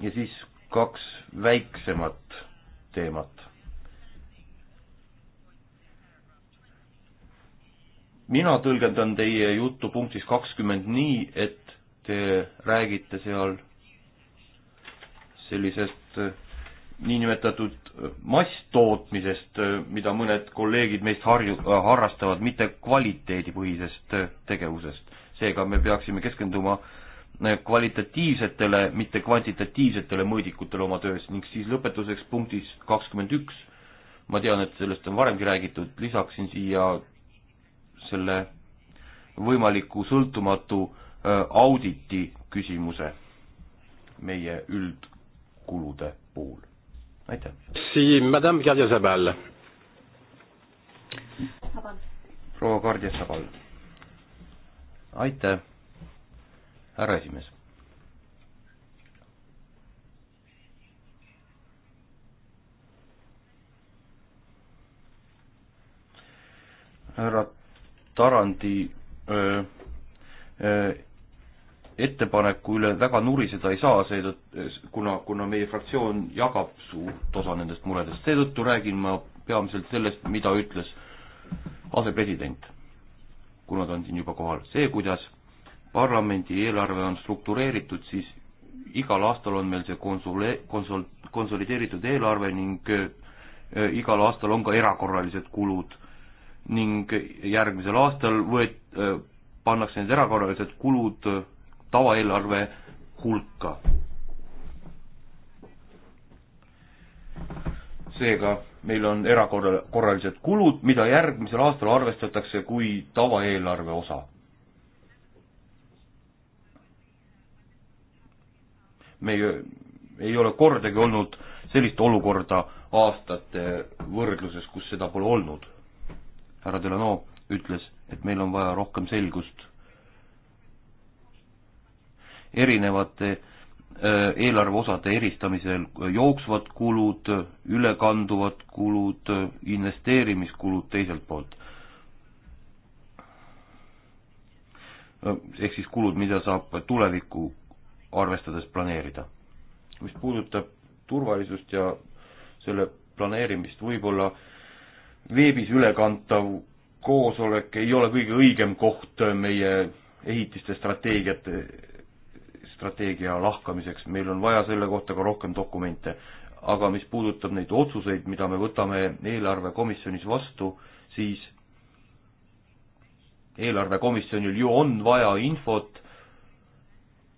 ja siis kaks väiksemat teemat. mina tõlgendan teie juttu punktis kakskümmend nii, et Te räägite seal sellisest äh, niinimetatud äh, masstootmisest, äh, mida mõned kolleegid meist harju, harrastavad, mitte kvaliteedipõhisest tegevusest. seega me peaksime keskenduma kvalitatiivsetele, mitte kvantitatiivsetele mõõdikutele oma töös ning siis lõpetuseks punktis kakskümmend üks, ma tean, et sellest on varemgi räägitud, lisaksin siia selle võimaliku sõltumatu äh, auditi küsimuse meie üldkulude puhul. aitäh. siin madam Kadjasabal. proua Kadjasabal. aitäh, härra esimees. härra Tarandi öö, öö, ettepaneku üle väga nuriseda ei saa, seetõttu, kuna, kuna meie fraktsioon jagab suurt osa nendest muredest, seetõttu räägin ma peamiselt sellest, mida ütles asepresident, kuna ta on siin juba kohal. see, kuidas parlamendi eelarve on struktureeritud, siis igal aastal on meil see konsole-, konsol-, konsolideeritud eelarve ning äh, igal aastal on ka erakorralised kulud ning järgmisel aastal võet-, äh, pannakse need erakorralised kulud äh, tavaeelarve hulka. seega meil on erakorralised kulud, mida järgmisel aastal arvestatakse kui tavaeelarve osa. me ei, ei ole kordagi olnud sellist olukorda aastate võrdluses, kus seda pole olnud. härra Delano ütles, et meil on vaja rohkem selgust erinevate äh, eelarveosade eristamisel jooksvad kulud, ülekanduvad kulud, investeerimiskulud teiselt poolt. ehk siis kulud, mida saab tulevikku arvestades planeerida. mis puudutab turvalisust ja selle planeerimist, võib-olla veebis ülekantav koosolek ei ole kõige õigem koht meie ehitiste strateegiate strateegia lahkamiseks, meil on vaja selle kohta ka rohkem dokumente. aga mis puudutab neid otsuseid, mida me võtame eelarvekomisjonis vastu, siis eelarvekomisjonil ju on vaja infot,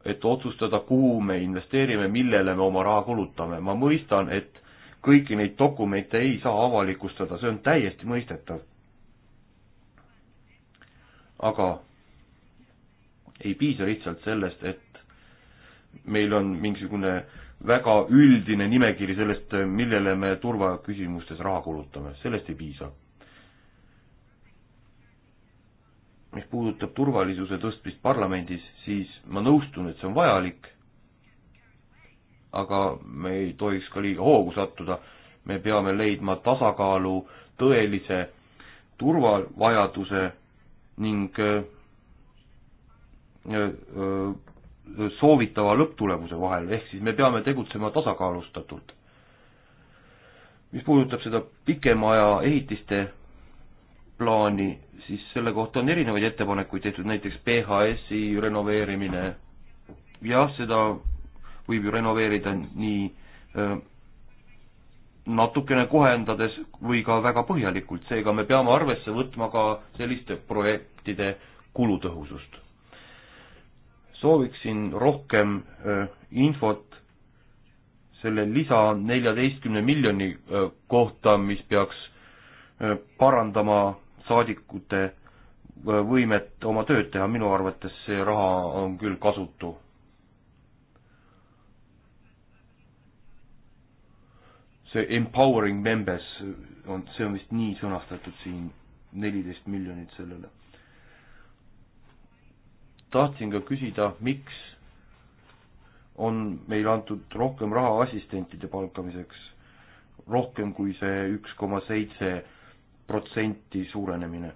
et otsustada, kuhu me investeerime, millele me oma raha kulutame. ma mõistan, et kõiki neid dokumente ei saa avalikustada, see on täiesti mõistetav. aga ei piisa lihtsalt sellest, et meil on mingisugune väga üldine nimekiri sellest, millele me turvaküsimustes raha kulutame, sellest ei piisa. mis puudutab turvalisuse tõstmist parlamendis, siis ma nõustun, et see on vajalik, aga me ei tohiks ka liiga hoogu sattuda, me peame leidma tasakaalu tõelise turvavajaduse ning öö, äh, öö, äh, soovitava lõpptulemuse vahel, ehk siis me peame tegutsema tasakaalustatult. mis puudutab seda pikema aja ehitiste plaani, siis selle kohta on erinevaid ettepanekuid tehtud, näiteks PHS-i renoveerimine, jah, seda võib ju renoveerida nii natukene kohendades või ka väga põhjalikult, seega me peame arvesse võtma ka selliste projektide kulutõhusust sooviksin rohkem infot selle lisa neljateistkümne miljoni kohta, mis peaks parandama saadikute võimet oma tööd teha, minu arvates see raha on küll kasutu. see empowering members on, see on vist nii sõnastatud siin, neliteist miljonit sellele tahtsin ka küsida, miks on meile antud rohkem raha assistentide palkamiseks, rohkem kui see üks koma seitse protsenti suurenemine.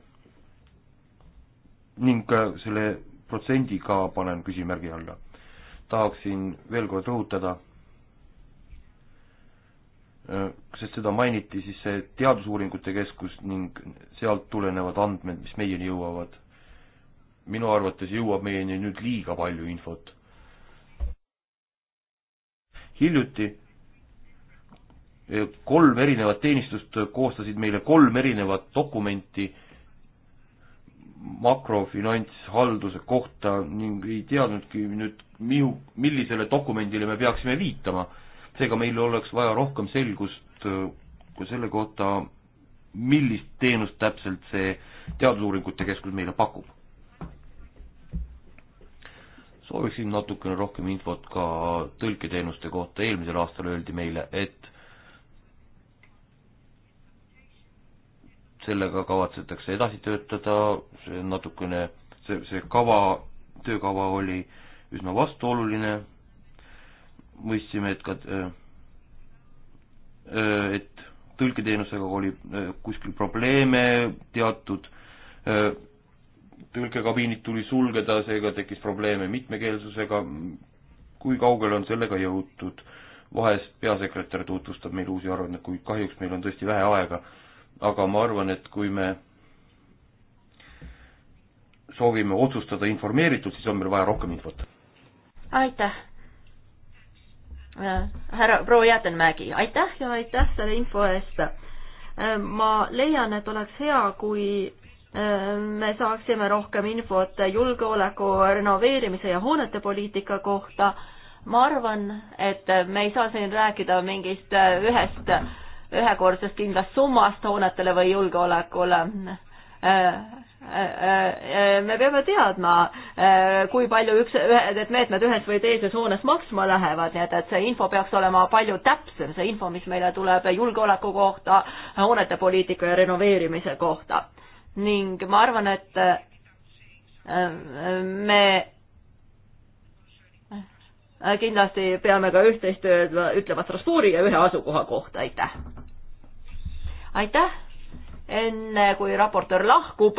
ning selle protsendi ka panen küsimärgi alla. tahaksin veel kord rõhutada, sest seda mainiti, siis see Teadusuuringute Keskus ning sealt tulenevad andmed, mis meieni jõuavad minu arvates jõuab meieni nüüd liiga palju infot. hiljuti kolm erinevat teenistust koostasid meile kolm erinevat dokumenti makrofinantshalduse kohta ning ei teadnudki nüüd, mihu, millisele dokumendile me peaksime viitama. seega meil oleks vaja rohkem selgust ka selle kohta, millist teenust täpselt see teadusuuringute keskus meile pakub sooviksin natukene rohkem infot ka tõlketeenuste kohta, eelmisel aastal öeldi meile, et sellega kavatsetakse edasi töötada, see natukene, see, see kava, töökava oli üsna vastuoluline, mõistsime, et ka, äh, äh, et tõlketeenusega oli äh, kuskil probleeme, teatud tõlkekabiinid tuli sulgeda, seega tekkis probleeme mitmekeelsusega. kui kaugele on sellega jõutud? vahest peasekretär tutvustab meile uusi arenguid, kahjuks meil on tõesti vähe aega, aga ma arvan, et kui me soovime otsustada informeeritult, siis on meil vaja rohkem infot.
aitäh! Äh, härra proua Jäätenmägi, aitäh ja aitäh selle info eest! Äh, ma leian, et oleks hea, kui Äh, me saaksime rohkem infot julgeoleku renoveerimise ja hoonete poliitika kohta. ma arvan, et me ei saa siin rääkida mingist äh, ühest, äh, ühekordsest kindlast summast hoonetele või julgeolekule me peame teadma, kui palju üks, need meetmed ühes või teises hoones maksma lähevad, nii et, et see info peaks olema palju täpsem, see info, mis meile tuleb julgeoleku kohta, hoonete poliitika ja renoveerimise kohta ning ma arvan, et äh, me kindlasti peame ka üht-teist ütlema Strasbourgi ja ühe asukoha kohta, aitäh! aitäh! enne kui raportöör lahkub,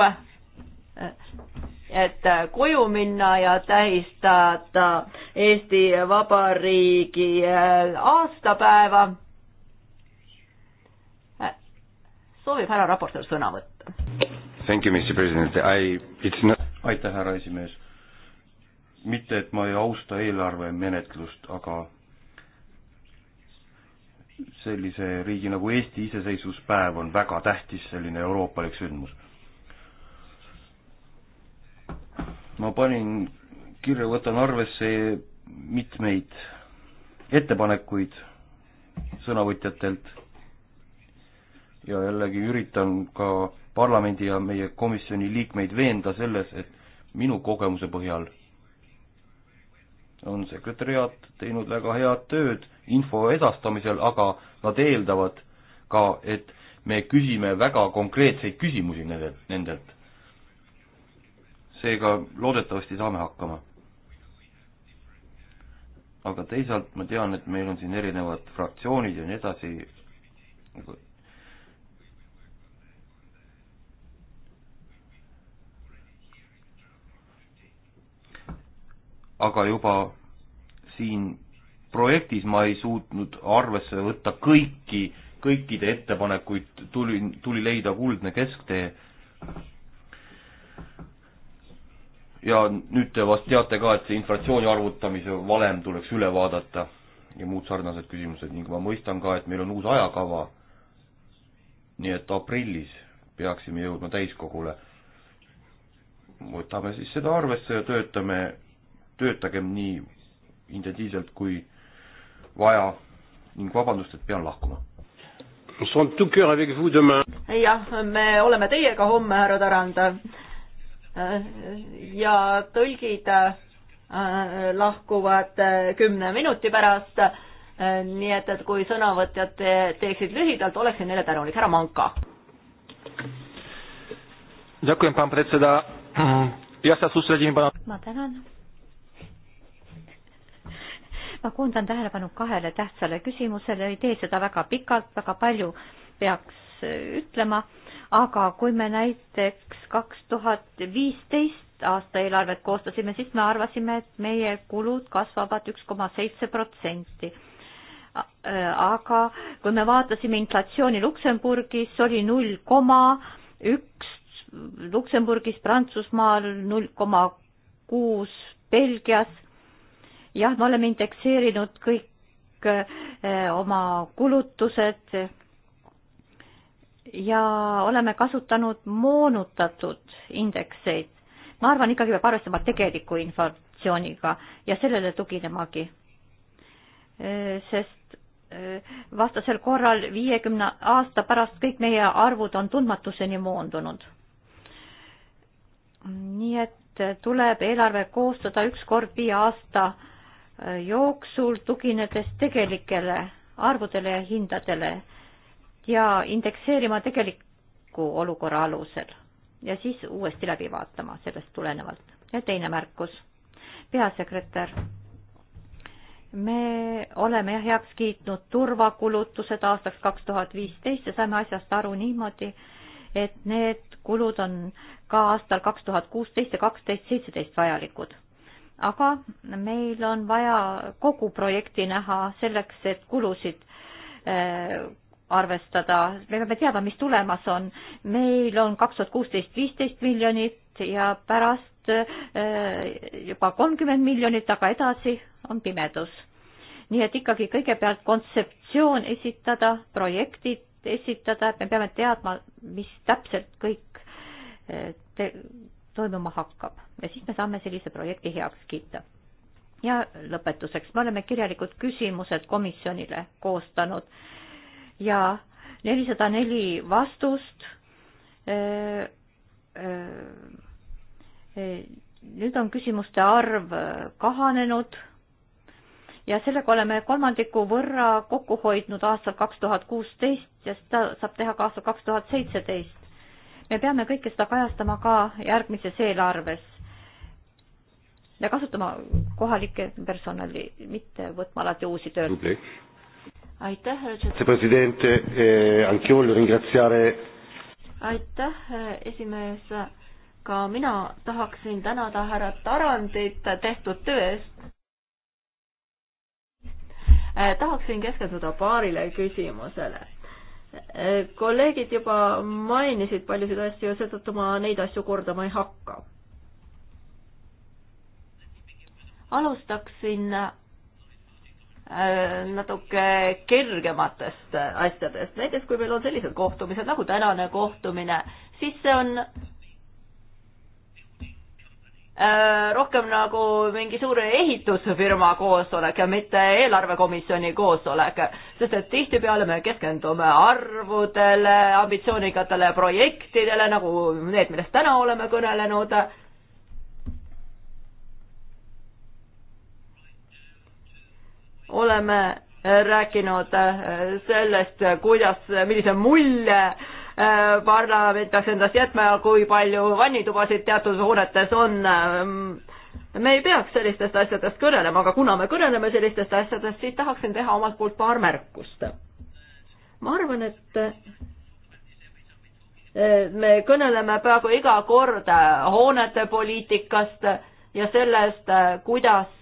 et koju minna ja tähistada Eesti Vabariigi äh, aastapäeva. soovib härra raportöör sõna võtta?
Thank you, Mr President, I, it's not aitäh, härra esimees. mitte, et ma ei austa eelarvemenetlust, aga sellise riigi nagu Eesti iseseisvuspäev on väga tähtis selline euroopalik sündmus. ma panin kirja, võtan arvesse mitmeid ettepanekuid sõnavõtjatelt ja jällegi üritan ka parlamendi ja meie komisjoni liikmeid veenda selles, et minu kogemuse põhjal on sekretäriaat teinud väga head tööd info edastamisel, aga nad eeldavad ka, et me küsime väga konkreetseid küsimusi nendelt, nendelt. seega loodetavasti saame hakkama. aga teisalt ma tean, et meil on siin erinevad fraktsioonid ja nii edasi, aga juba siin projektis ma ei suutnud arvesse võtta kõiki, kõikide ettepanekuid, tuli, tuli leida kuldne kesktee. ja nüüd te vast teate ka, et see inflatsiooni arvutamise valem tuleks üle vaadata ja muud sarnased küsimused ning ma mõistan ka, et meil on uus ajakava. nii et aprillis peaksime jõudma täiskogule. võtame siis seda arvesse ja töötame töötagem nii intensiivselt kui vaja ning vabandust, et pean lahkuma.
jah, me oleme teiega homme, härra Tarand. ja tõlgid äh, lahkuvad äh, kümne minuti pärast. Äh, nii et, et kui sõnavõtjad te teeksid lühidalt, oleksin neile tänulik. härra Manka. ma tänan
ma koondan tähelepanu kahele tähtsale küsimusele, ei tee seda väga pikalt, väga palju peaks äh, ütlema, aga kui me näiteks kaks tuhat viisteist aasta eelarvet koostasime, siis me arvasime, et meie kulud kasvavad üks koma seitse protsenti äh, aga kui me vaatasime inflatsiooni Luksemburgis, oli null koma üks, Luksemburgis, Prantsusmaal null koma kuus, Belgias jah, me oleme indekseerinud kõik äh, oma kulutused ja oleme kasutanud moonutatud indekseid. ma arvan, ikkagi peab arvestama tegeliku inflatsiooniga ja sellele tuginemagi. Äh, sest äh, vastasel korral viiekümne aasta pärast kõik meie arvud on tundmatuseni moondunud. nii et tuleb eelarve koostada üks kord viie aasta jooksul, tuginedes tegelikele arvudele ja hindadele ja indekseerima tegeliku olukorra alusel ja siis uuesti läbi vaatama sellest tulenevalt. ja teine märkus, peasekretär, me oleme jah heaks kiitnud turvakulutused aastaks kaks tuhat viisteist ja saime asjast aru niimoodi, et need kulud on ka aastal kaks tuhat kuusteist ja kaksteist, seitseteist vajalikud aga meil on vaja kogu projekti näha selleks, et kulusid äh, arvestada, me peame teadma, mis tulemas on. meil on kaks tuhat kuusteist viisteist miljonit ja pärast äh, juba kolmkümmend miljonit, aga edasi on pimedus. nii et ikkagi kõigepealt kontseptsioon esitada, projektid esitada, et me peame teadma, mis täpselt kõik äh, te toimuma hakkab ja siis me saame sellise projekti heaks kiita. ja lõpetuseks, me oleme kirjalikud küsimused komisjonile koostanud ja nelisada neli vastust. nüüd on küsimuste arv kahanenud ja sellega oleme kolmandiku võrra kokku hoidnud aastal kaks tuhat kuusteist ja seda saab teha ka aastal kaks tuhat seitseteist me peame kõike seda kajastama ka järgmises eelarves ja kasutama kohalikke personali,
mitte võtma alati uusi tööl. aitäh, eh, aitäh, esimees. ka mina tahaksin tänada härra Tarandit tehtud töö eest eh, tahaksin keskenduda paarile küsimusele kolleegid juba mainisid paljusid asju ja seetõttu ma neid asju kordama ei hakka. alustaksin äh, natuke kergematest asjadest, näiteks kui meil on sellised kohtumised nagu tänane kohtumine, siis see on Äh, rohkem nagu mingi suure ehitusfirma koosolek ja mitte eelarvekomisjoni koosolek, sest et tihtipeale me keskendume arvudele, ambitsioonikatele projektidele, nagu need, millest täna oleme kõnelenud. oleme rääkinud sellest, kuidas, millise mulje Äh, parlament peaks endast jätma ja kui palju vannitubasid teatud hoonetes on. Ähm, me ei peaks sellistest asjadest kõnelema, aga kuna me kõneleme sellistest asjadest, siis tahaksin teha omalt poolt paar märkust. ma arvan, et äh, me kõneleme peaaegu iga kord äh, hoonete poliitikast ja sellest, kuidas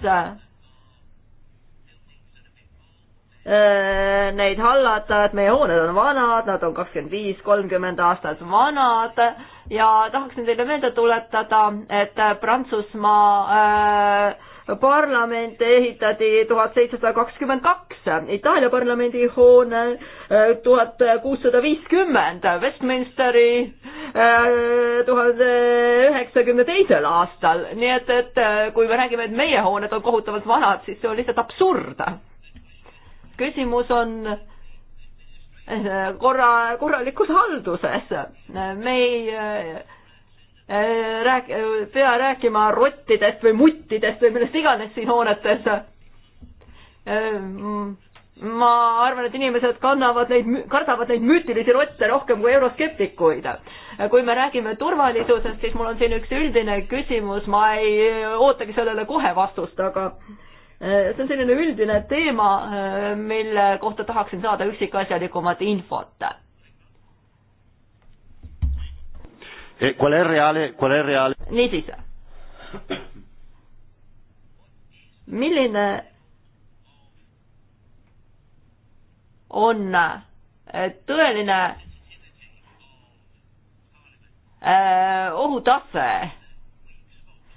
Äh, neid hallata, et meie hooned on vanad, nad on kakskümmend viis, kolmkümmend aastat vanad ja tahaksin teile meelde tuletada, et Prantsusmaa äh, parlament ehitati tuhat seitsesada kakskümmend kaks, Itaalia parlamendi hoone äh, tuhat kuussada viiskümmend, Westminsteri tuhande üheksakümne teisel aastal, nii et, et kui me räägime, et meie hooned on kohutavalt vanad, siis see on lihtsalt absurd küsimus on äh, korra, korralikus halduses. me ei äh, rääk-, pea rääkima rottidest või muttidest või millest iganes siin hoonetes. Äh, ma arvan, et inimesed kannavad neid, kardavad neid müütilisi rotte rohkem kui euroskeptikuid. kui me räägime turvalisusest, siis mul on siin üks üldine küsimus, ma ei ootagi sellele kohe vastust, aga äh, see on selline üldine teema, mille kohta tahaksin saada üksikasjalikumat infot. Eh, niisiis. milline on eh, tõeline eh, ohutase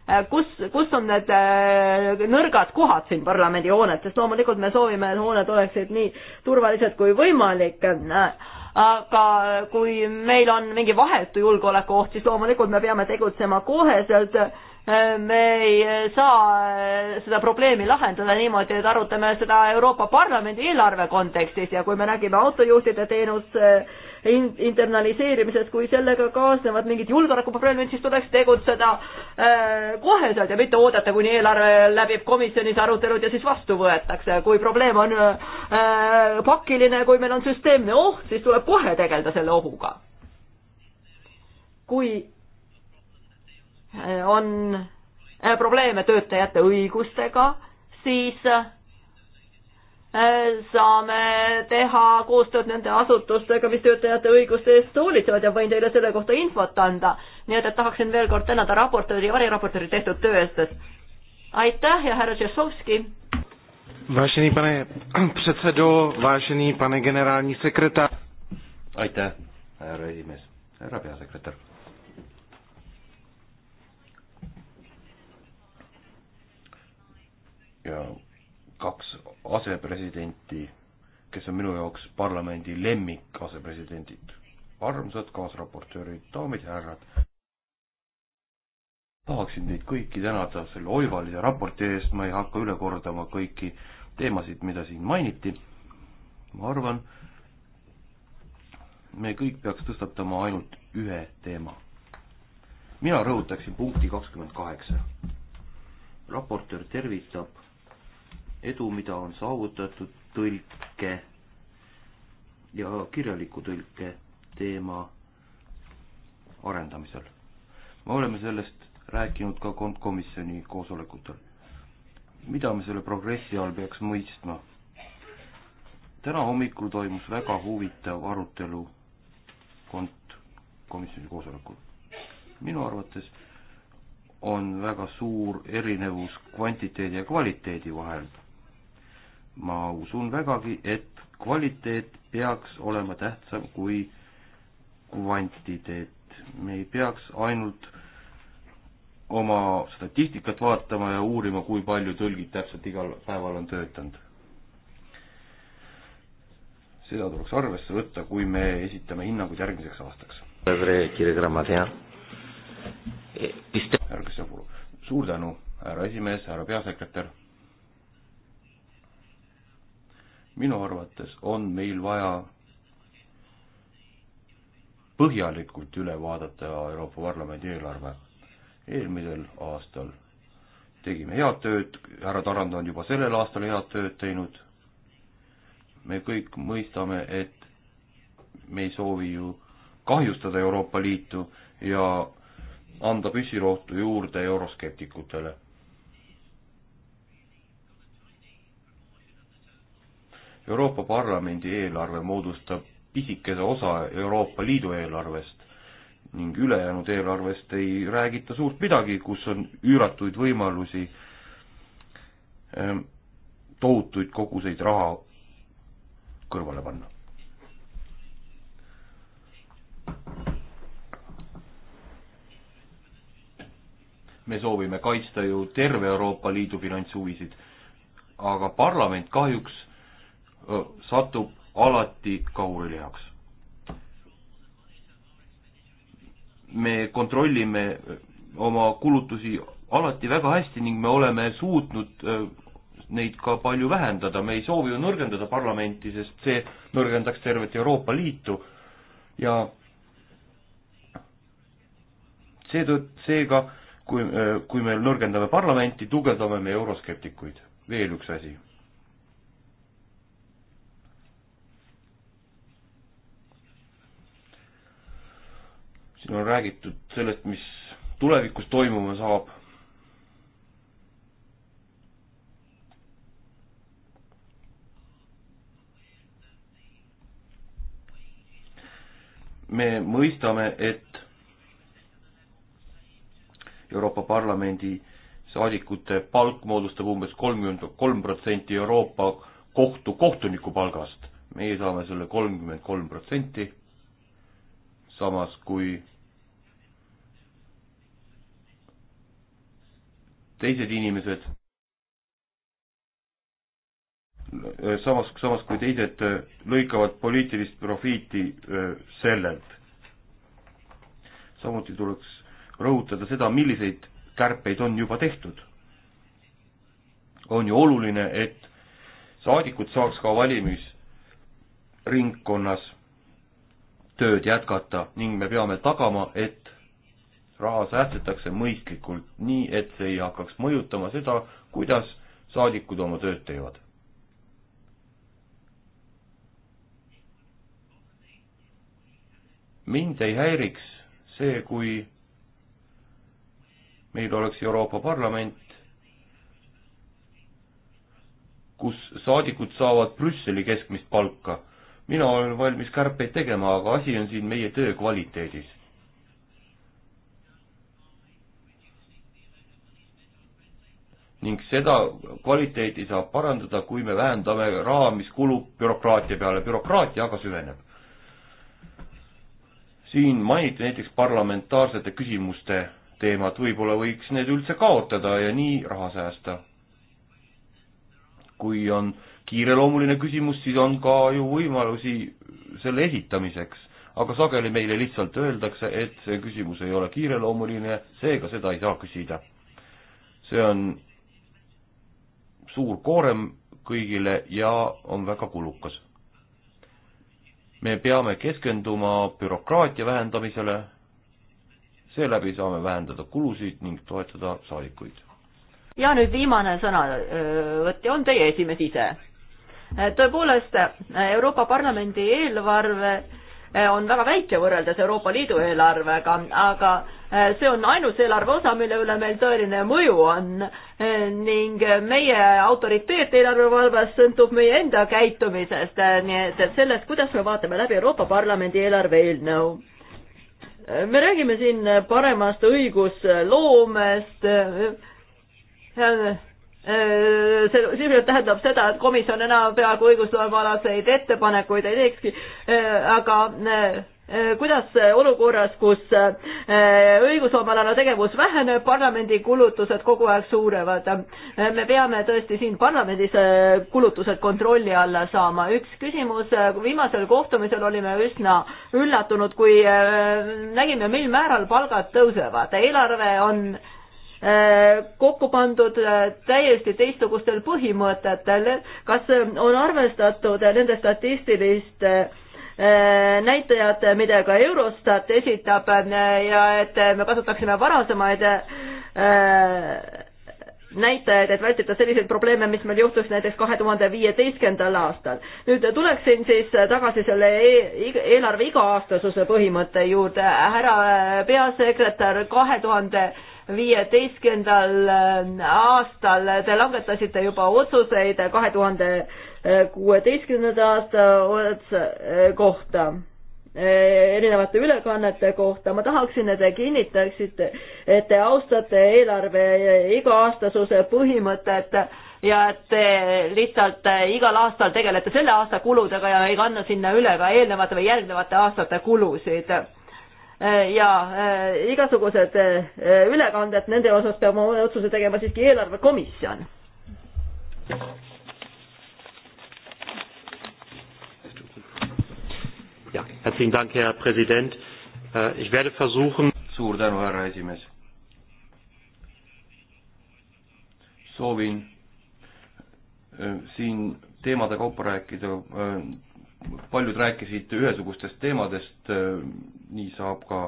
Äh, kus, kus on need äh, nõrgad kohad siin parlamendihoonetes, loomulikult me soovime, et hooned oleksid nii turvalised kui võimalik, äh, aga kui meil on mingi vahetu julgeolekuoht, siis loomulikult me peame tegutsema koheselt, me ei saa seda probleemi lahendada niimoodi, et arutame seda Euroopa Parlamendi eelarve kontekstis ja kui me nägime autojuhtide teenuse internaliseerimisest, kui sellega kaasnevad mingid julgeolekuprobleemid, siis tuleks tegutseda äh, koheselt ja mitte oodata, kuni eelarve läbib komisjonis arutelud ja siis vastu võetakse. kui probleem on äh, pakiline, kui meil on süsteemne oht, siis tuleb kohe tegeleda selle ohuga. kui äh, on probleeme töötajate õigustega, siis saame teha koostööd nende asutustega, mis töötajate õiguste eest hoolitsevad ja võin teile selle kohta infot anda. nii et, et tahaksin veel kord tänada raportööri ja variraportööri tehtud töö eest. aitäh ja härra Tšehhovski.
Vážený pane předsedo, vážený pane generální sekretár.
Aitäh, härra esimees, härra peasekretär. ja kaks asepresidenti, kes on minu jaoks parlamendi lemmik asepresidendid. armsad kaasraportöörid, daamid ja härrad. tahaksin teid kõiki tänada selle oivalise raporti eest, ma ei hakka üle kordama kõiki teemasid, mida siin mainiti. ma arvan, me kõik peaks tõstatama ainult ühe teema. mina rõhutaksin punkti kakskümmend kaheksa. raportöör tervitab edu, mida on saavutatud tõlke ja kirjaliku tõlke teema arendamisel. me oleme sellest rääkinud ka komisjoni koosolekutel. mida me selle progressi all peaks mõistma? täna hommikul toimus väga huvitav arutelu kont-, komisjoni koosolekul. minu arvates on väga suur erinevus kvantiteedi ja kvaliteedi vahel ma usun vägagi, et kvaliteet peaks olema tähtsam kui kvantiteet. me ei peaks ainult oma statistikat vaatama ja uurima, kui palju tõlgid täpselt igal päeval on töötanud. seda tuleks arvesse võtta, kui me esitame hinnangud järgmiseks aastaks. ärge sõbru, suur tänu, härra esimees, härra peasekretär minu arvates on meil vaja põhjalikult üle vaadata Euroopa Parlamendi eelarve. eelmisel aastal tegime head tööd, härra Tarand on juba sellel aastal head tööd teinud, me kõik mõistame, et me ei soovi ju kahjustada Euroopa Liitu ja anda püssirohtu juurde euroskeptikutele Euroopa Parlamendi eelarve moodustab pisikese osa Euroopa Liidu eelarvest ning ülejäänud eelarvest ei räägita suurt midagi, kus on üüratuid võimalusi ehm, tohutuid koguseid raha kõrvale panna. me soovime kaitsta ju terve Euroopa Liidu finantshuvisid, aga parlament kahjuks satub alati kahurlihaks. me kontrollime oma kulutusi alati väga hästi ning me oleme suutnud neid ka palju vähendada, me ei soovi ju nõrgendada parlamenti, sest see nõrgendaks tervet Euroopa Liitu ja seetõttu, seega kui, kui me nõrgendame parlamenti, tugevdame me euroskeptikuid. veel üks asi on räägitud sellest, mis tulevikus toimuma saab. me mõistame, et Euroopa Parlamendi saadikute palk moodustab umbes kolmkümmend kolm protsenti Euroopa kohtu kohtuniku palgast. meie saame selle kolmkümmend kolm protsenti, samas kui teised inimesed, samas, samas kui teised äh, lõikavad poliitilist profiiti äh, sellelt. samuti tuleks rõhutada seda, milliseid kärpeid on juba tehtud. on ju oluline, et saadikud saaks ka valimisringkonnas tööd jätkata ning me peame tagama, et raha säästetakse mõistlikult, nii et see ei hakkaks mõjutama seda, kuidas saadikud oma tööd teevad. mind ei häiriks see, kui meil oleks Euroopa Parlament, kus saadikud saavad Brüsseli keskmist palka. mina olen valmis kärpeid tegema, aga asi on siin meie töö kvaliteedis ning seda kvaliteeti saab parandada, kui me vähendame raha, mis kulub bürokraatia peale, bürokraatia aga süveneb. siin mainiti näiteks parlamentaarsete küsimuste teemat, võib-olla võiks need üldse kaotada ja nii raha säästa. kui on kiireloomuline küsimus, siis on ka ju võimalusi selle esitamiseks, aga sageli meile lihtsalt öeldakse, et see küsimus ei ole kiireloomuline, seega seda ei saa küsida. see on suur koorem kõigile ja on väga kulukas. me peame keskenduma bürokraatia vähendamisele, seeläbi saame vähendada kulusid ning toetada saadikuid.
ja nüüd viimane sõnavõtja on teie esimees ise. tõepoolest, Euroopa Parlamendi eelarve Eh, on väga väike võrreldes Euroopa Liidu eelarvega, aga eh, see on ainus eelarve osa, mille üle meil tõeline mõju on eh, ning meie autoriteet eelarvevalves sõltub meie enda käitumisest, nii et, et sellest, kuidas me vaatame läbi Euroopa Parlamendi eelarve eelnõu. me räägime siin paremast õigusloomest Äh, see sisuliselt tähendab seda, et komisjon enam peaaegu õigusloomealaseid ettepanekuid ei teekski, äh, aga äh, kuidas olukorras, kus õigusloomealane tegevus väheneb, parlamendi kulutused kogu aeg suurevad. me peame tõesti siin parlamendis kulutused kontrolli alla saama. üks küsimus, viimasel kohtumisel olime üsna üllatunud, kui nägime, mil määral palgad tõusevad. eelarve on Äh, kokku pandud äh, täiesti teistsugustel põhimõtetel. kas äh, on arvestatud nende statistiliste näitajate, mida ka Eurostat esitab ja et me kasutaksime varasemaid näitajaid, et vältida selliseid probleeme, mis meil juhtus näiteks kahe tuhande viieteistkümnendal aastal. nüüd tuleksin siis tagasi selle e eelarve iga-aastasuse põhimõtte juurde. härra peasekretär, kahe tuhande 2000 viieteistkümnendal äh, aastal te langetasite juba otsuseid kahe tuhande äh, kuueteistkümnenda aasta äh, kohta erinevate ülekannete kohta, ma tahaksin, et te kinnitaksite, et te austate eelarve iga-aastasuse põhimõtet ja et te lihtsalt igal aastal tegelete selle aasta kuludega ja ei kanna sinna üle ka eelnevate või järgnevate aastate kulusid Äh, ja äh, igasugused äh, ülekanded, nende osas peab oma otsuse tegema siiski eelarvekomisjon.
jah, herzlichen Dank, Herr Präsident. Ich werde versuchen. suur tänu, härra esimees. soovin siin teemade kaupa rääkida paljud rääkisid ühesugustest teemadest, äh, nii saab ka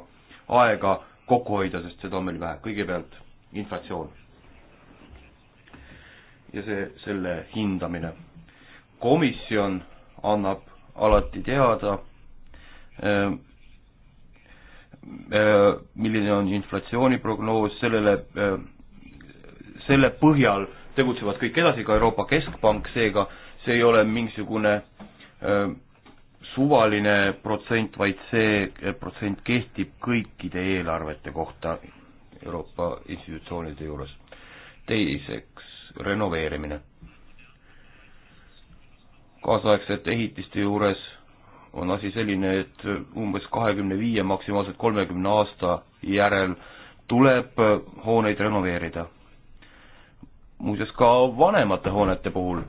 aega kokku hoida, sest seda on meil vähe. kõigepealt inflatsioon. ja see, selle hindamine. komisjon annab alati teada, äh, äh, milline on inflatsiooniprognoos, sellele, selle põhjal tegutsevad kõik edasi, ka Euroopa Keskpank, seega see ei ole mingisugune äh, suvaline protsent, vaid see eh, protsent kehtib kõikide eelarvete kohta Euroopa institutsioonide juures. teiseks, renoveerimine. kaasaegsete ehitiste juures on asi selline, et umbes kahekümne viie, maksimaalselt kolmekümne aasta järel tuleb eh, hooneid renoveerida. muuseas ka vanemate hoonete puhul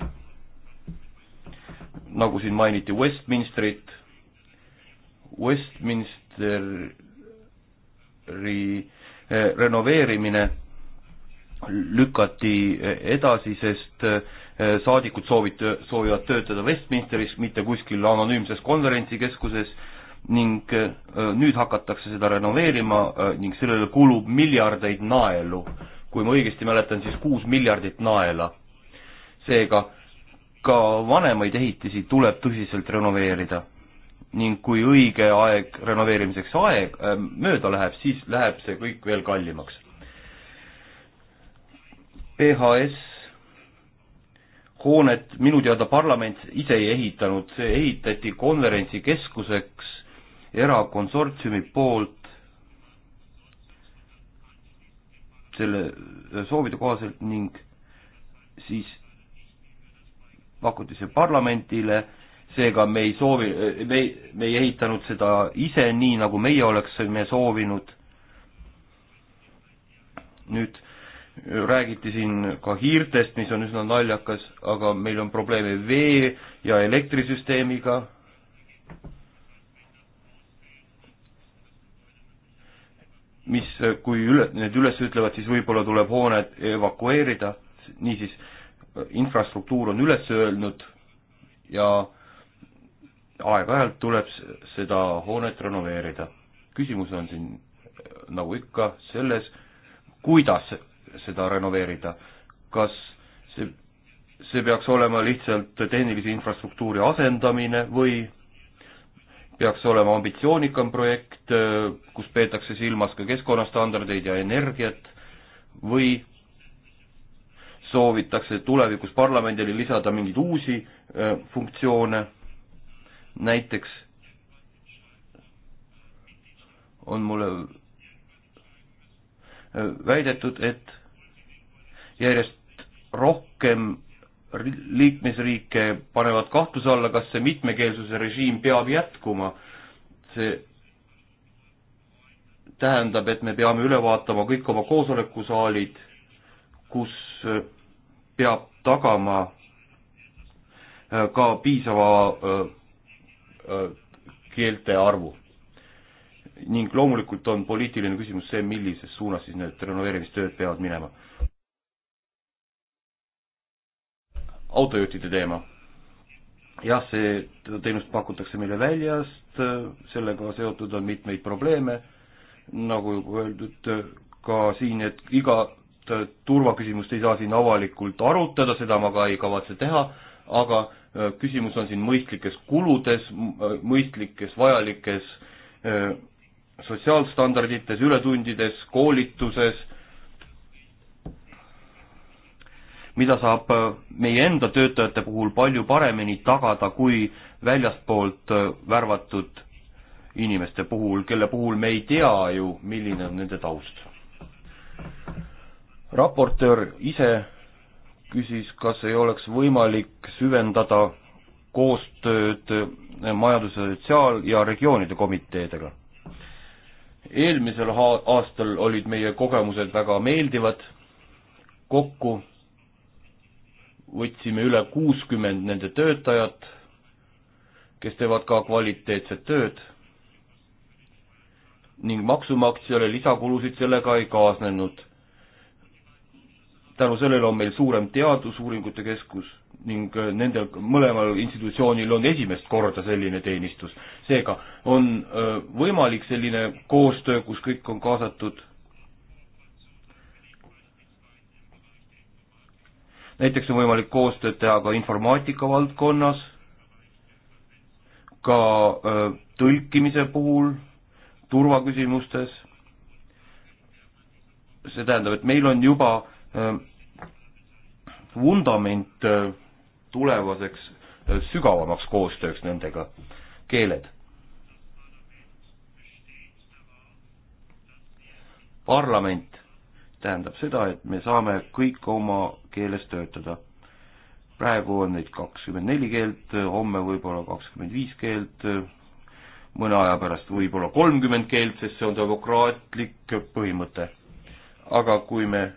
nagu siin mainiti Westminsterit, Westminsteri eh, renoveerimine lükati eh, edasi, sest eh, saadikud soovid, soovivad töötada Westminsteris, mitte kuskil anonüümses konverentsikeskuses ning nüüd hakatakse seda renoveerima ning sellele kulub miljardeid naelu. kui ma õigesti mäletan, siis kuus miljardit naela. seega ka vanemaid ehitisi tuleb tõsiselt renoveerida ning kui õige aeg renoveerimiseks aeg äh, mööda läheb, siis läheb see kõik veel kallimaks. PHS hoonet minu teada parlament ise ei ehitanud, see ehitati konverentsikeskuseks erakonsortsiumi poolt. selle soovide kohaselt ning siis pakuti see parlamendile, seega me ei soovi, me ei, me ei ehitanud seda ise nii, nagu meie oleksime soovinud. nüüd räägiti siin ka hiirtest, mis on üsna naljakas, aga meil on probleeme vee- ja elektrisüsteemiga. mis, kui üle, need üles ütlevad, siis võib-olla tuleb hooned evakueerida, niisiis infrastruktuur on üles öelnud ja aeg-ajalt tuleb seda hoonet renoveerida. küsimus on siin nagu ikka selles, kuidas seda renoveerida, kas see, see peaks olema lihtsalt tehnilise infrastruktuuri asendamine või peaks olema ambitsioonikam projekt, kus peetakse silmas ka keskkonnastandardeid ja energiat või soovitakse tulevikus parlamendile lisada mingeid uusi öö, funktsioone, näiteks on mulle väidetud, et järjest rohkem liikmesriike panevad kahtluse alla, kas see mitmekeelsuse režiim peab jätkuma. see tähendab, et me peame üle vaatama kõik oma koosolekusaalid, kus peab tagama äh, ka piisava äh, äh, keelte arvu. ning loomulikult on poliitiline küsimus see, millises suunas siis need renoveerimistööd peavad minema. autojuhtide teema. jah, see teenust pakutakse meile väljast, sellega seotud on mitmeid probleeme, nagu juba öeldud, ka siin, et iga Äh, turvaküsimust ei saa siin avalikult arutada, seda ma ka ei kavatse teha, aga äh, küsimus on siin mõistlikes kuludes, äh, mõistlikes vajalikes sotsiaalstandardites, ületundides, koolituses, mida saab meie enda töötajate puhul palju paremini tagada kui väljastpoolt värvatud inimeste puhul, kelle puhul me ei tea ju, milline on nende taust raportöör ise küsis, kas ei oleks võimalik süvendada koostööd majandus- ja sotsiaal- ja regioonide komiteedega. eelmisel aastal olid meie kogemused väga meeldivad, kokku võtsime üle kuuskümmend nende töötajat, kes teevad ka kvaliteetset tööd ning maksumaksjale lisakulusid sellega ei kaasnenud tänu sellele on meil suurem teadusuuringute keskus ning äh, nendel mõlemal institutsioonil on esimest korda selline teenistus. seega on äh, võimalik selline koostöö, kus kõik on kaasatud. näiteks on võimalik koostööd teha ka informaatika valdkonnas, ka äh, tõlkimise puhul, turvaküsimustes, see tähendab, et meil on juba öö, vundament äh, tulevaseks äh, sügavamaks koostööks nendega, keeled. parlament tähendab seda, et me saame kõik oma keeles töötada. praegu on neid kakskümmend neli keelt, homme võib-olla kakskümmend viis keelt, mõne aja pärast võib-olla kolmkümmend keelt, sest see on demokraatlik põhimõte. aga kui me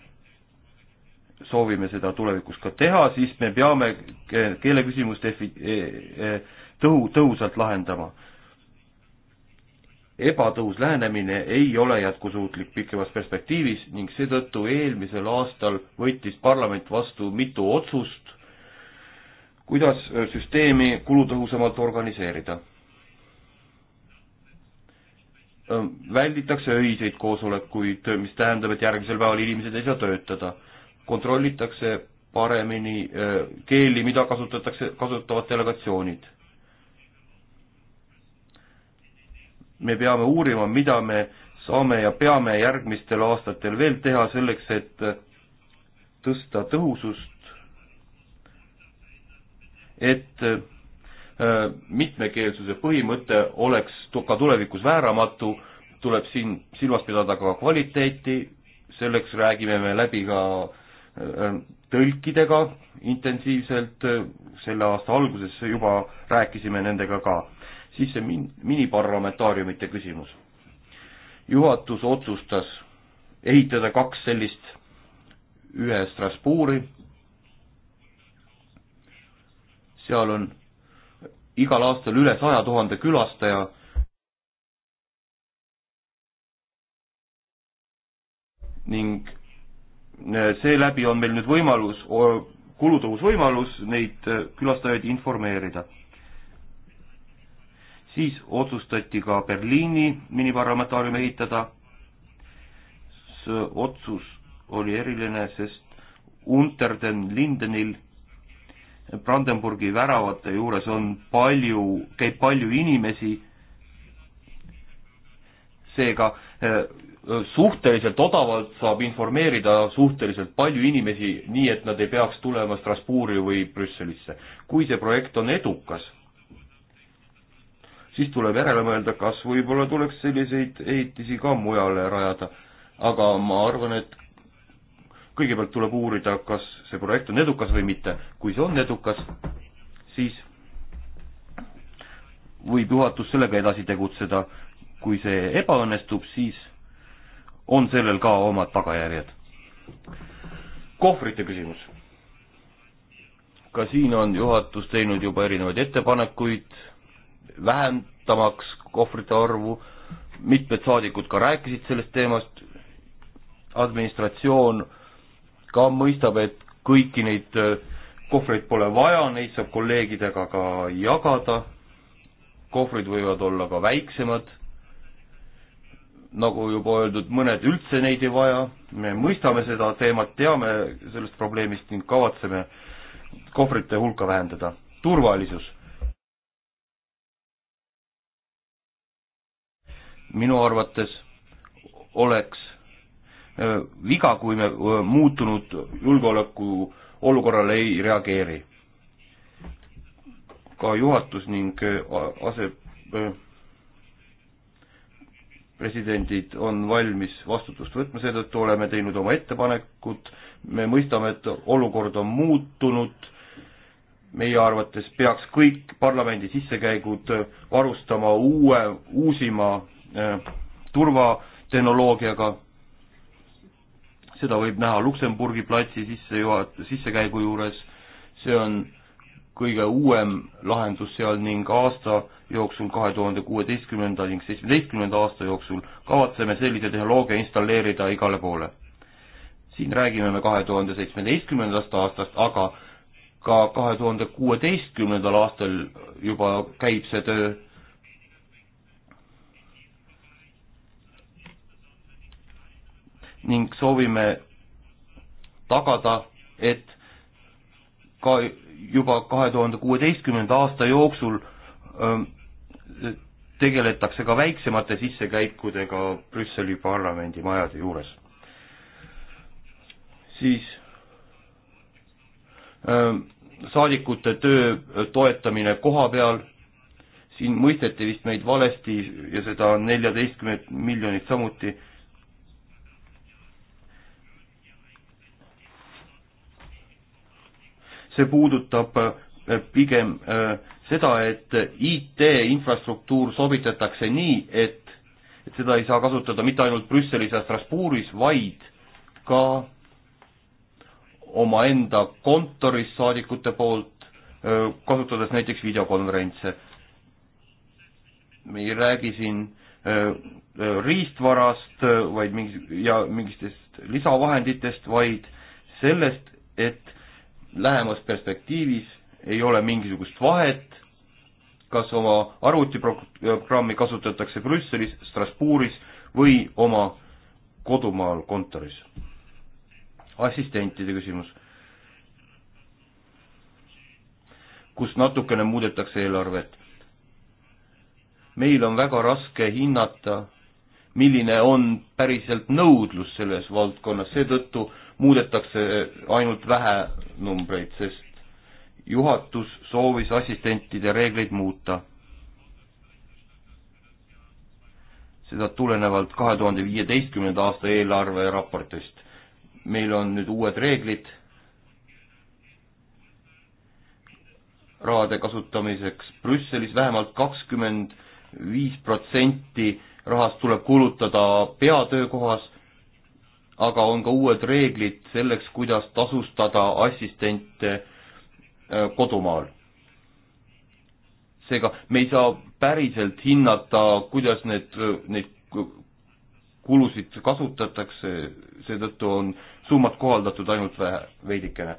soovime seda tulevikus ka teha, siis me peame keeleküsimust defi-, e, e, tõhu-, tõhusalt lahendama. ebatõhus lähenemine ei ole jätkusuutlik pikemas perspektiivis ning seetõttu eelmisel aastal võttis parlament vastu mitu otsust, kuidas e, süsteemi kulutõhusamalt organiseerida. välditakse öiseid koosolekuid, mis tähendab, et järgmisel päeval inimesed ei saa töötada kontrollitakse paremini äh, keeli, mida kasutatakse, kasutavad delegatsioonid. me peame uurima, mida me saame ja peame järgmistel aastatel veel teha selleks, et tõsta tõhusust, et äh, mitmekeelsuse põhimõte oleks ka tulevikus vääramatu, tuleb siin silmas pidada ka kvaliteeti, selleks räägime me läbi ka äh, Äh, tõlkidega intensiivselt, äh, selle aasta alguses juba rääkisime nendega ka. siis see min-, miniparlamentaariumite küsimus. juhatus otsustas ehitada kaks sellist, ühe Strasbourgi, seal on igal aastal üle saja tuhande külastaja ning seeläbi on meil nüüd võimalus, kulutõhus võimalus neid äh, külastajaid informeerida. siis otsustati ka Berliini miniparlamentaarium ehitada. see otsus oli eriline, sest Unter den Lindenil Brandenburgi väravate juures on palju, käib palju inimesi, seega äh, suhteliselt odavalt saab informeerida suhteliselt palju inimesi, nii et nad ei peaks tulema Strasbourgi või Brüsselisse. kui see projekt on edukas, siis tuleb järele mõelda, kas võib-olla tuleks selliseid ehitisi ka mujale rajada. aga ma arvan, et kõigepealt tuleb uurida, kas see projekt on edukas või mitte. kui see on edukas, siis võib juhatus sellega edasi tegutseda. kui see ebaõnnestub, siis on sellel ka omad tagajärjed. kohvrite küsimus. ka siin on juhatus teinud juba erinevaid ettepanekuid, vähendamaks kohvrite arvu, mitmed saadikud ka rääkisid sellest teemast, administratsioon ka mõistab, et kõiki neid äh, kohvreid pole vaja, neid saab kolleegidega ka jagada, kohvrid võivad olla ka väiksemad nagu juba öeldud, mõned üldse neid ei vaja, me mõistame seda teemat, teame sellest probleemist ning kavatseme kohvrite hulka vähendada. turvalisus. minu arvates oleks äh, viga, kui me äh, muutunud julgeoleku olukorrale ei reageeri. ka juhatus ning äh, ase- presidendid on valmis vastutust võtma, seetõttu oleme teinud oma ettepanekud, me mõistame, et olukord on muutunud, meie arvates peaks kõik parlamendi sissekäigud varustama uue, uusima äh, turvatehnoloogiaga, seda võib näha Luksemburgi platsi sissejuhat-, sissekäigu juures, see on kõige uuem lahendus seal ning aasta jooksul kahe tuhande kuueteistkümnenda ning seitsmeteistkümnenda aasta jooksul kavatseme sellise tehnoloogia installeerida igale poole. siin räägime me kahe tuhande seitsmeteistkümnendast aastast, aga ka kahe tuhande kuueteistkümnendal aastal juba käib see töö. ning soovime tagada, et ka juba kahe tuhande kuueteistkümnenda aasta jooksul öö, ähm, tegeletakse ka väiksemate sissekäikudega Brüsseli parlamendimajade juures. siis äh, saadikute töö äh, toetamine koha peal, siin mõisteti vist meid valesti ja seda on neljateistkümmet miljonit samuti. see puudutab äh, pigem äh, seda, et IT-infrastruktuur sobitatakse nii, et, et seda ei saa kasutada mitte ainult Brüsselis ja Strasbourgis, vaid ka omaenda kontoris saadikute poolt, kasutades näiteks videokonverentse. me ei räägi siin riistvarast, vaid mingi, ja mingitest lisavahenditest, vaid sellest, et lähemas perspektiivis ei ole mingisugust vahet, kas oma arvutiprogrammi kasutatakse Brüsselis, Strasbourgis või oma kodumaal kontoris. assistentide küsimus, kus natukene muudetakse eelarvet. meil on väga raske hinnata, milline on päriselt nõudlus selles valdkonnas, seetõttu muudetakse ainult vähe numbreid, sest juhatus soovis assistentide reegleid muuta. seda tulenevalt kahe tuhande viieteistkümnenda aasta eelarve raportist. meil on nüüd uued reeglid rahade kasutamiseks Brüsselis vähemalt kakskümmend viis protsenti rahast tuleb kulutada peatöökohas, aga on ka uued reeglid selleks, kuidas tasustada assistente Äh, kodumaal. seega me ei saa päriselt hinnata, kuidas need, neid kulusid kasutatakse, seetõttu on summad kohaldatud ainult vähe, veidikene.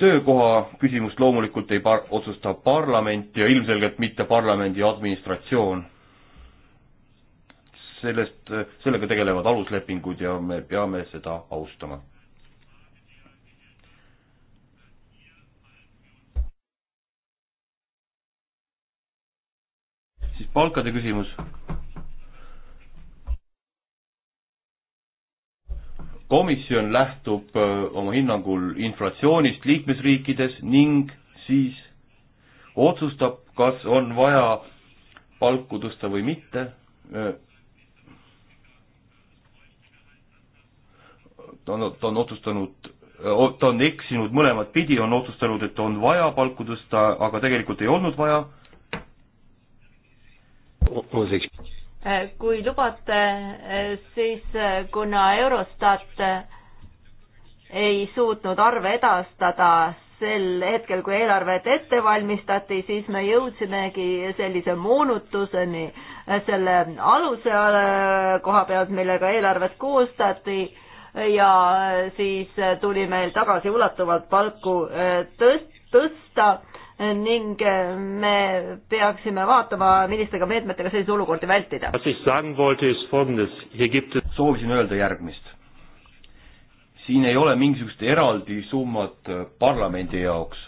töökoha küsimust loomulikult ei par-, otsusta parlament ja ilmselgelt mitte parlamendi administratsioon. sellest, sellega tegelevad aluslepingud ja me peame seda austama siis palkade küsimus. komisjon lähtub äh, oma hinnangul inflatsioonist liikmesriikides ning siis otsustab, kas on vaja palku tõsta või mitte. Äh, ta on, ta on otsustanud äh, ta on eksinud mõlemat pidi, on otsustanud, et on vaja palku tõsta, aga tegelikult ei olnud vaja
kui lubate, siis kuna Eurostat ei suutnud arve edastada sel hetkel, kui eelarvet ette valmistati, siis me jõudsimegi sellise moonutuseni selle aluse äh, koha pealt, millega eelarvet koostati ja siis tuli meil tagasiulatuvalt palku äh, tõst-, tõsta ning eh, me peaksime vaatama, millistega meetmetega selliseid olukordi vältida.
soovisin öelda järgmist. siin ei ole mingisugust eraldi summat eh, parlamendi jaoks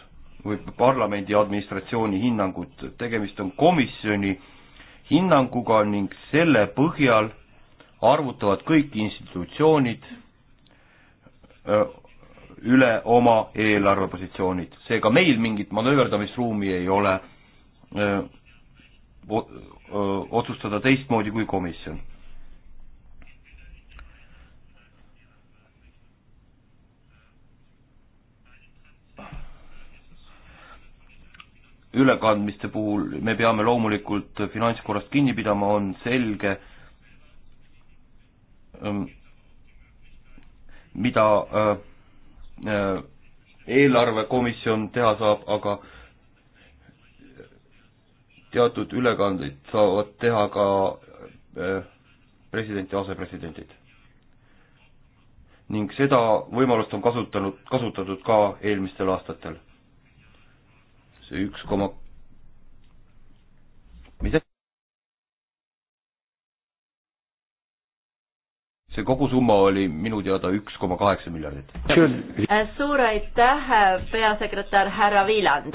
või parlamendi administratsiooni hinnangut, tegemist on komisjoni hinnanguga ning selle põhjal arvutavad kõik institutsioonid eh, üle oma eelarvepositsioonid. seega meil mingit manööverdamisruumi ei ole öö, öö, otsustada teistmoodi kui komisjon. ülekandmiste puhul me peame loomulikult finantskorrast kinni pidama, on selge, mida öö, Äh, eelarvekomisjon teha saab, aga teatud ülekandeid saavad teha ka äh, president ja asepresidendid. ning seda võimalust on kasutanud, kasutatud ka eelmistel aastatel. see üks koma, mis see? see kogusumma oli minu teada üks koma kaheksa miljardit.
Äh, suur aitäh, äh, peasekretär härra Viiland.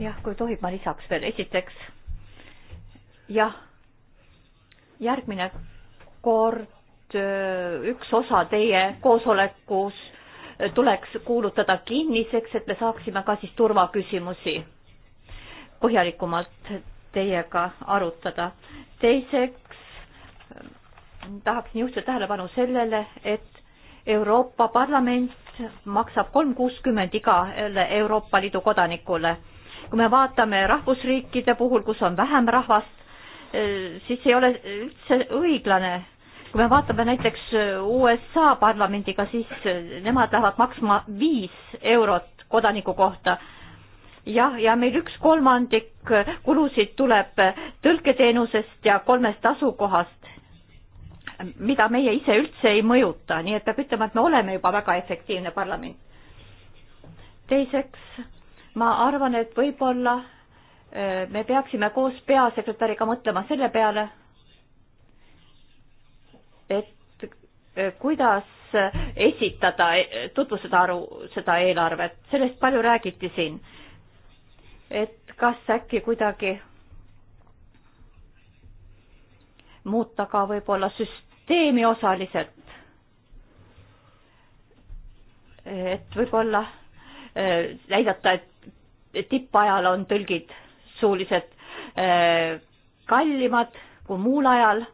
jah, kui tohib, ma lisaks veel, esiteks
jah, järgmine kord äh, üks osa teie koosolekus tuleks kuulutada kinniseks, et me saaksime ka siis turvaküsimusi põhjalikumalt teiega arutada. teiseks, tahaksin juhtida tähelepanu sellele, et Euroopa Parlament maksab kolm kuuskümmend igale Euroopa Liidu kodanikule. kui me vaatame rahvusriikide puhul, kus on vähem rahvast, eh, siis ei ole üldse õiglane. kui me vaatame näiteks USA parlamendiga, siis eh, nemad lähevad maksma viis eurot kodaniku kohta. jah, ja meil üks kolmandik kulusid tuleb eh, tõlketeenusest ja kolmest asukohast mida meie ise üldse ei mõjuta, nii et peab ütlema, et me oleme juba väga efektiivne parlament. teiseks, ma arvan, et võib-olla äh, me peaksime koos peasekretäriga mõtlema selle peale, et äh, kuidas äh, esitada, tutvustada aru seda eelarvet, sellest palju räägiti siin. et kas äkki kuidagi muuta ka võib-olla süst-, süsteemi osaliselt. et võib-olla eh, näidata, et tippajal on tõlgid suuliselt eh, kallimad kui muul ajal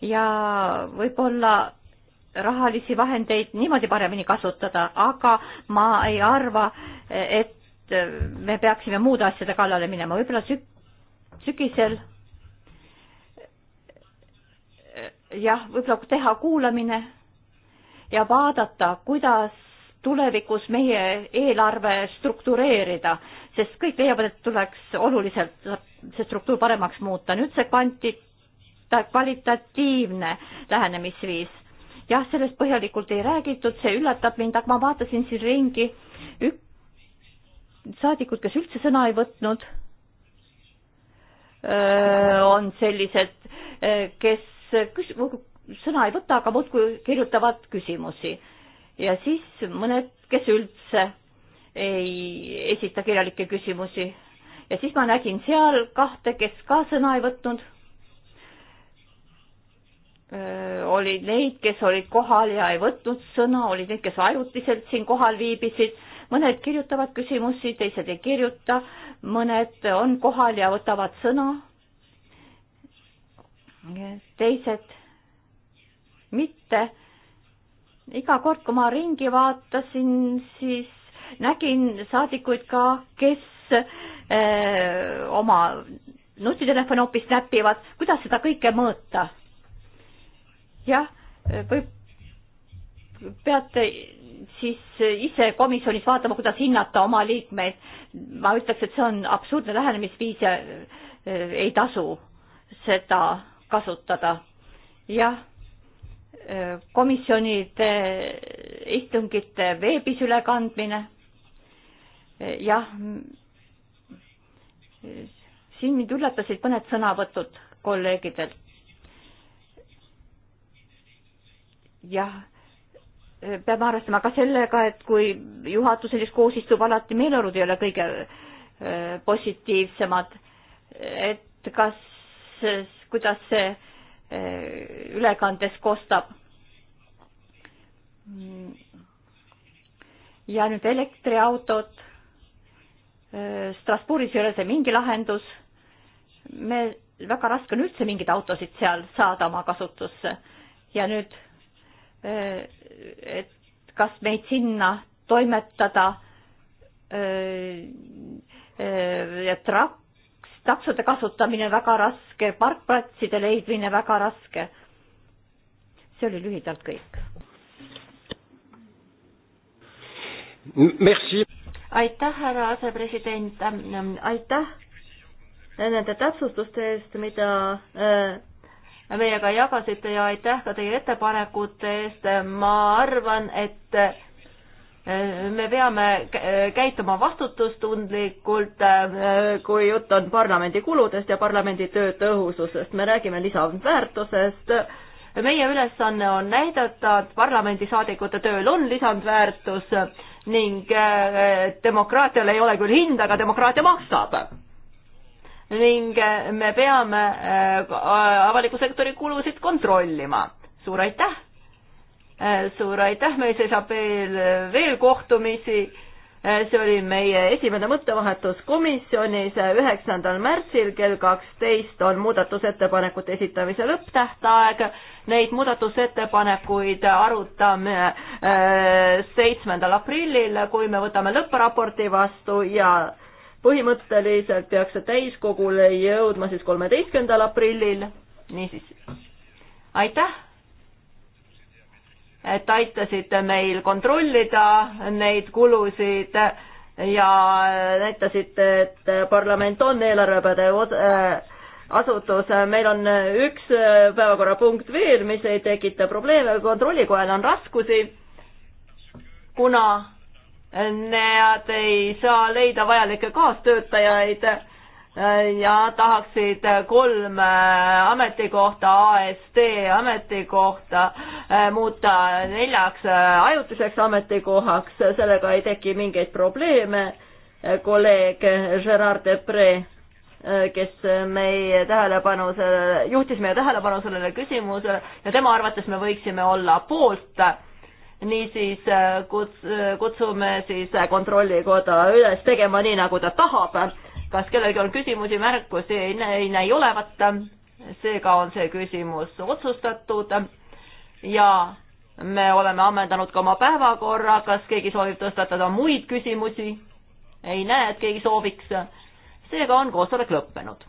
ja võib-olla rahalisi vahendeid niimoodi paremini kasutada, aga ma ei arva, et me peaksime muude asjade kallale minema, võib-olla sü-, sügisel jah, võib-olla teha kuulamine ja vaadata, kuidas tulevikus meie eelarve struktureerida, sest kõik leiavad, et tuleks oluliselt see struktuur paremaks muuta. nüüd see kvantita-, kvalitatiivne lähenemisviis. jah, sellest põhjalikult ei räägitud, see üllatab mind, aga ma vaatasin siin ringi ük-, saadikud, kes üldse sõna ei võtnud, on sellised, kes kes sõna ei võta, aga muudkui kirjutavad küsimusi. ja siis mõned, kes üldse ei esita kirjalikke küsimusi. ja siis ma nägin seal kahte, kes ka sõna ei võtnud. oli neid, kes olid kohal ja ei võtnud sõna, olid need, kes ajutiselt siin kohal viibisid mõned kirjutavad küsimusi, teised ei kirjuta, mõned on kohal ja võtavad sõna teised mitte. iga kord, kui ma ringi vaatasin, siis nägin saadikuid ka, kes öö, eh, oma nutitelefoni hoopis näpivad, kuidas seda kõike mõõta? jah, võib, peate siis ise komisjonis vaatama, kuidas hinnata oma liikmeid. ma ütleks, et see on absurdne lähenemisviis ja öö, eh, ei tasu seda kasutada. jah, komisjonide istungite veebis ülekandmine. jah, siin mind üllatasid mõned sõnavõtud kolleegidelt. jah peame arvestama ka sellega, et kui juhatus sellist koos istub, alati meeleolud ei ole kõige positiivsemad. et kas kuidas see eh, ülekandes kostab. ja nüüd elektriautod. Eh, Strasbourgis ei ole see mingi lahendus. me, väga raske on üldse mingeid autosid seal saada oma kasutusse ja nüüd, eh, et kas meid sinna toimetada ja trakk taksode kasutamine väga raske, parkplatside leidmine väga raske. see oli lühidalt kõik.
aitäh, härra asepresident, aitäh nende täpsustuste eest, mida äh, meiega jagasite ja aitäh ka teie ettepanekute eest, ma arvan, et me peame käituma vastutustundlikult, äh, kui jutt on parlamendi kuludest ja parlamendi töö tõhususest, me räägime lisandväärtusest. meie ülesanne on näidata, et parlamendisaadikute tööl on lisandväärtus ning äh, demokraatial ei ole küll hinda, aga demokraatia maksab ning äh, me peame avaliku sektori kulusid kontrollima. suur aitäh! Äh, suur aitäh, meil seisab veel, veel kohtumisi. Äh, see oli meie esimene mõttevahetus komisjonis äh, üheksandal märtsil kell kaksteist on muudatusettepanekute esitamise lõpptähtaeg. Neid muudatusettepanekuid arutame seitsmendal aprillil, kui me võtame lõppraporti vastu ja põhimõtteliselt peaks see täiskogule jõudma siis kolmeteistkümnendal aprillil. niisiis, aitäh et aitasite meil kontrollida neid kulusid ja näitasite, et parlament on eelarvepädev äh, asutus, meil on üks päevakorrapunkt veel, mis ei tekita probleeme, kontrollikojal on raskusi, kuna nad ei saa leida vajalikke kaastöötajaid ja tahaksid kolm äh, ametikohta, AST ametikohta äh, muuta neljaks äh, ajutiseks ametikohaks, sellega ei teki mingeid probleeme. kolleeg Gerard Depre, kes meie tähelepanu, juhtis meie tähelepanu sellele küsimusele ja tema arvates me võiksime olla poolt niisiis kuts-, kutsume siis kontrollikoda üles tegema nii, nagu ta tahab kas kellelgi on küsimusi, märkusi, ei näi, näi olevat. seega on see küsimus otsustatud ja me oleme ammendanud ka oma päevakorra, kas keegi soovib tõstatada muid küsimusi? ei näe, et keegi sooviks. seega on koosolek lõppenud.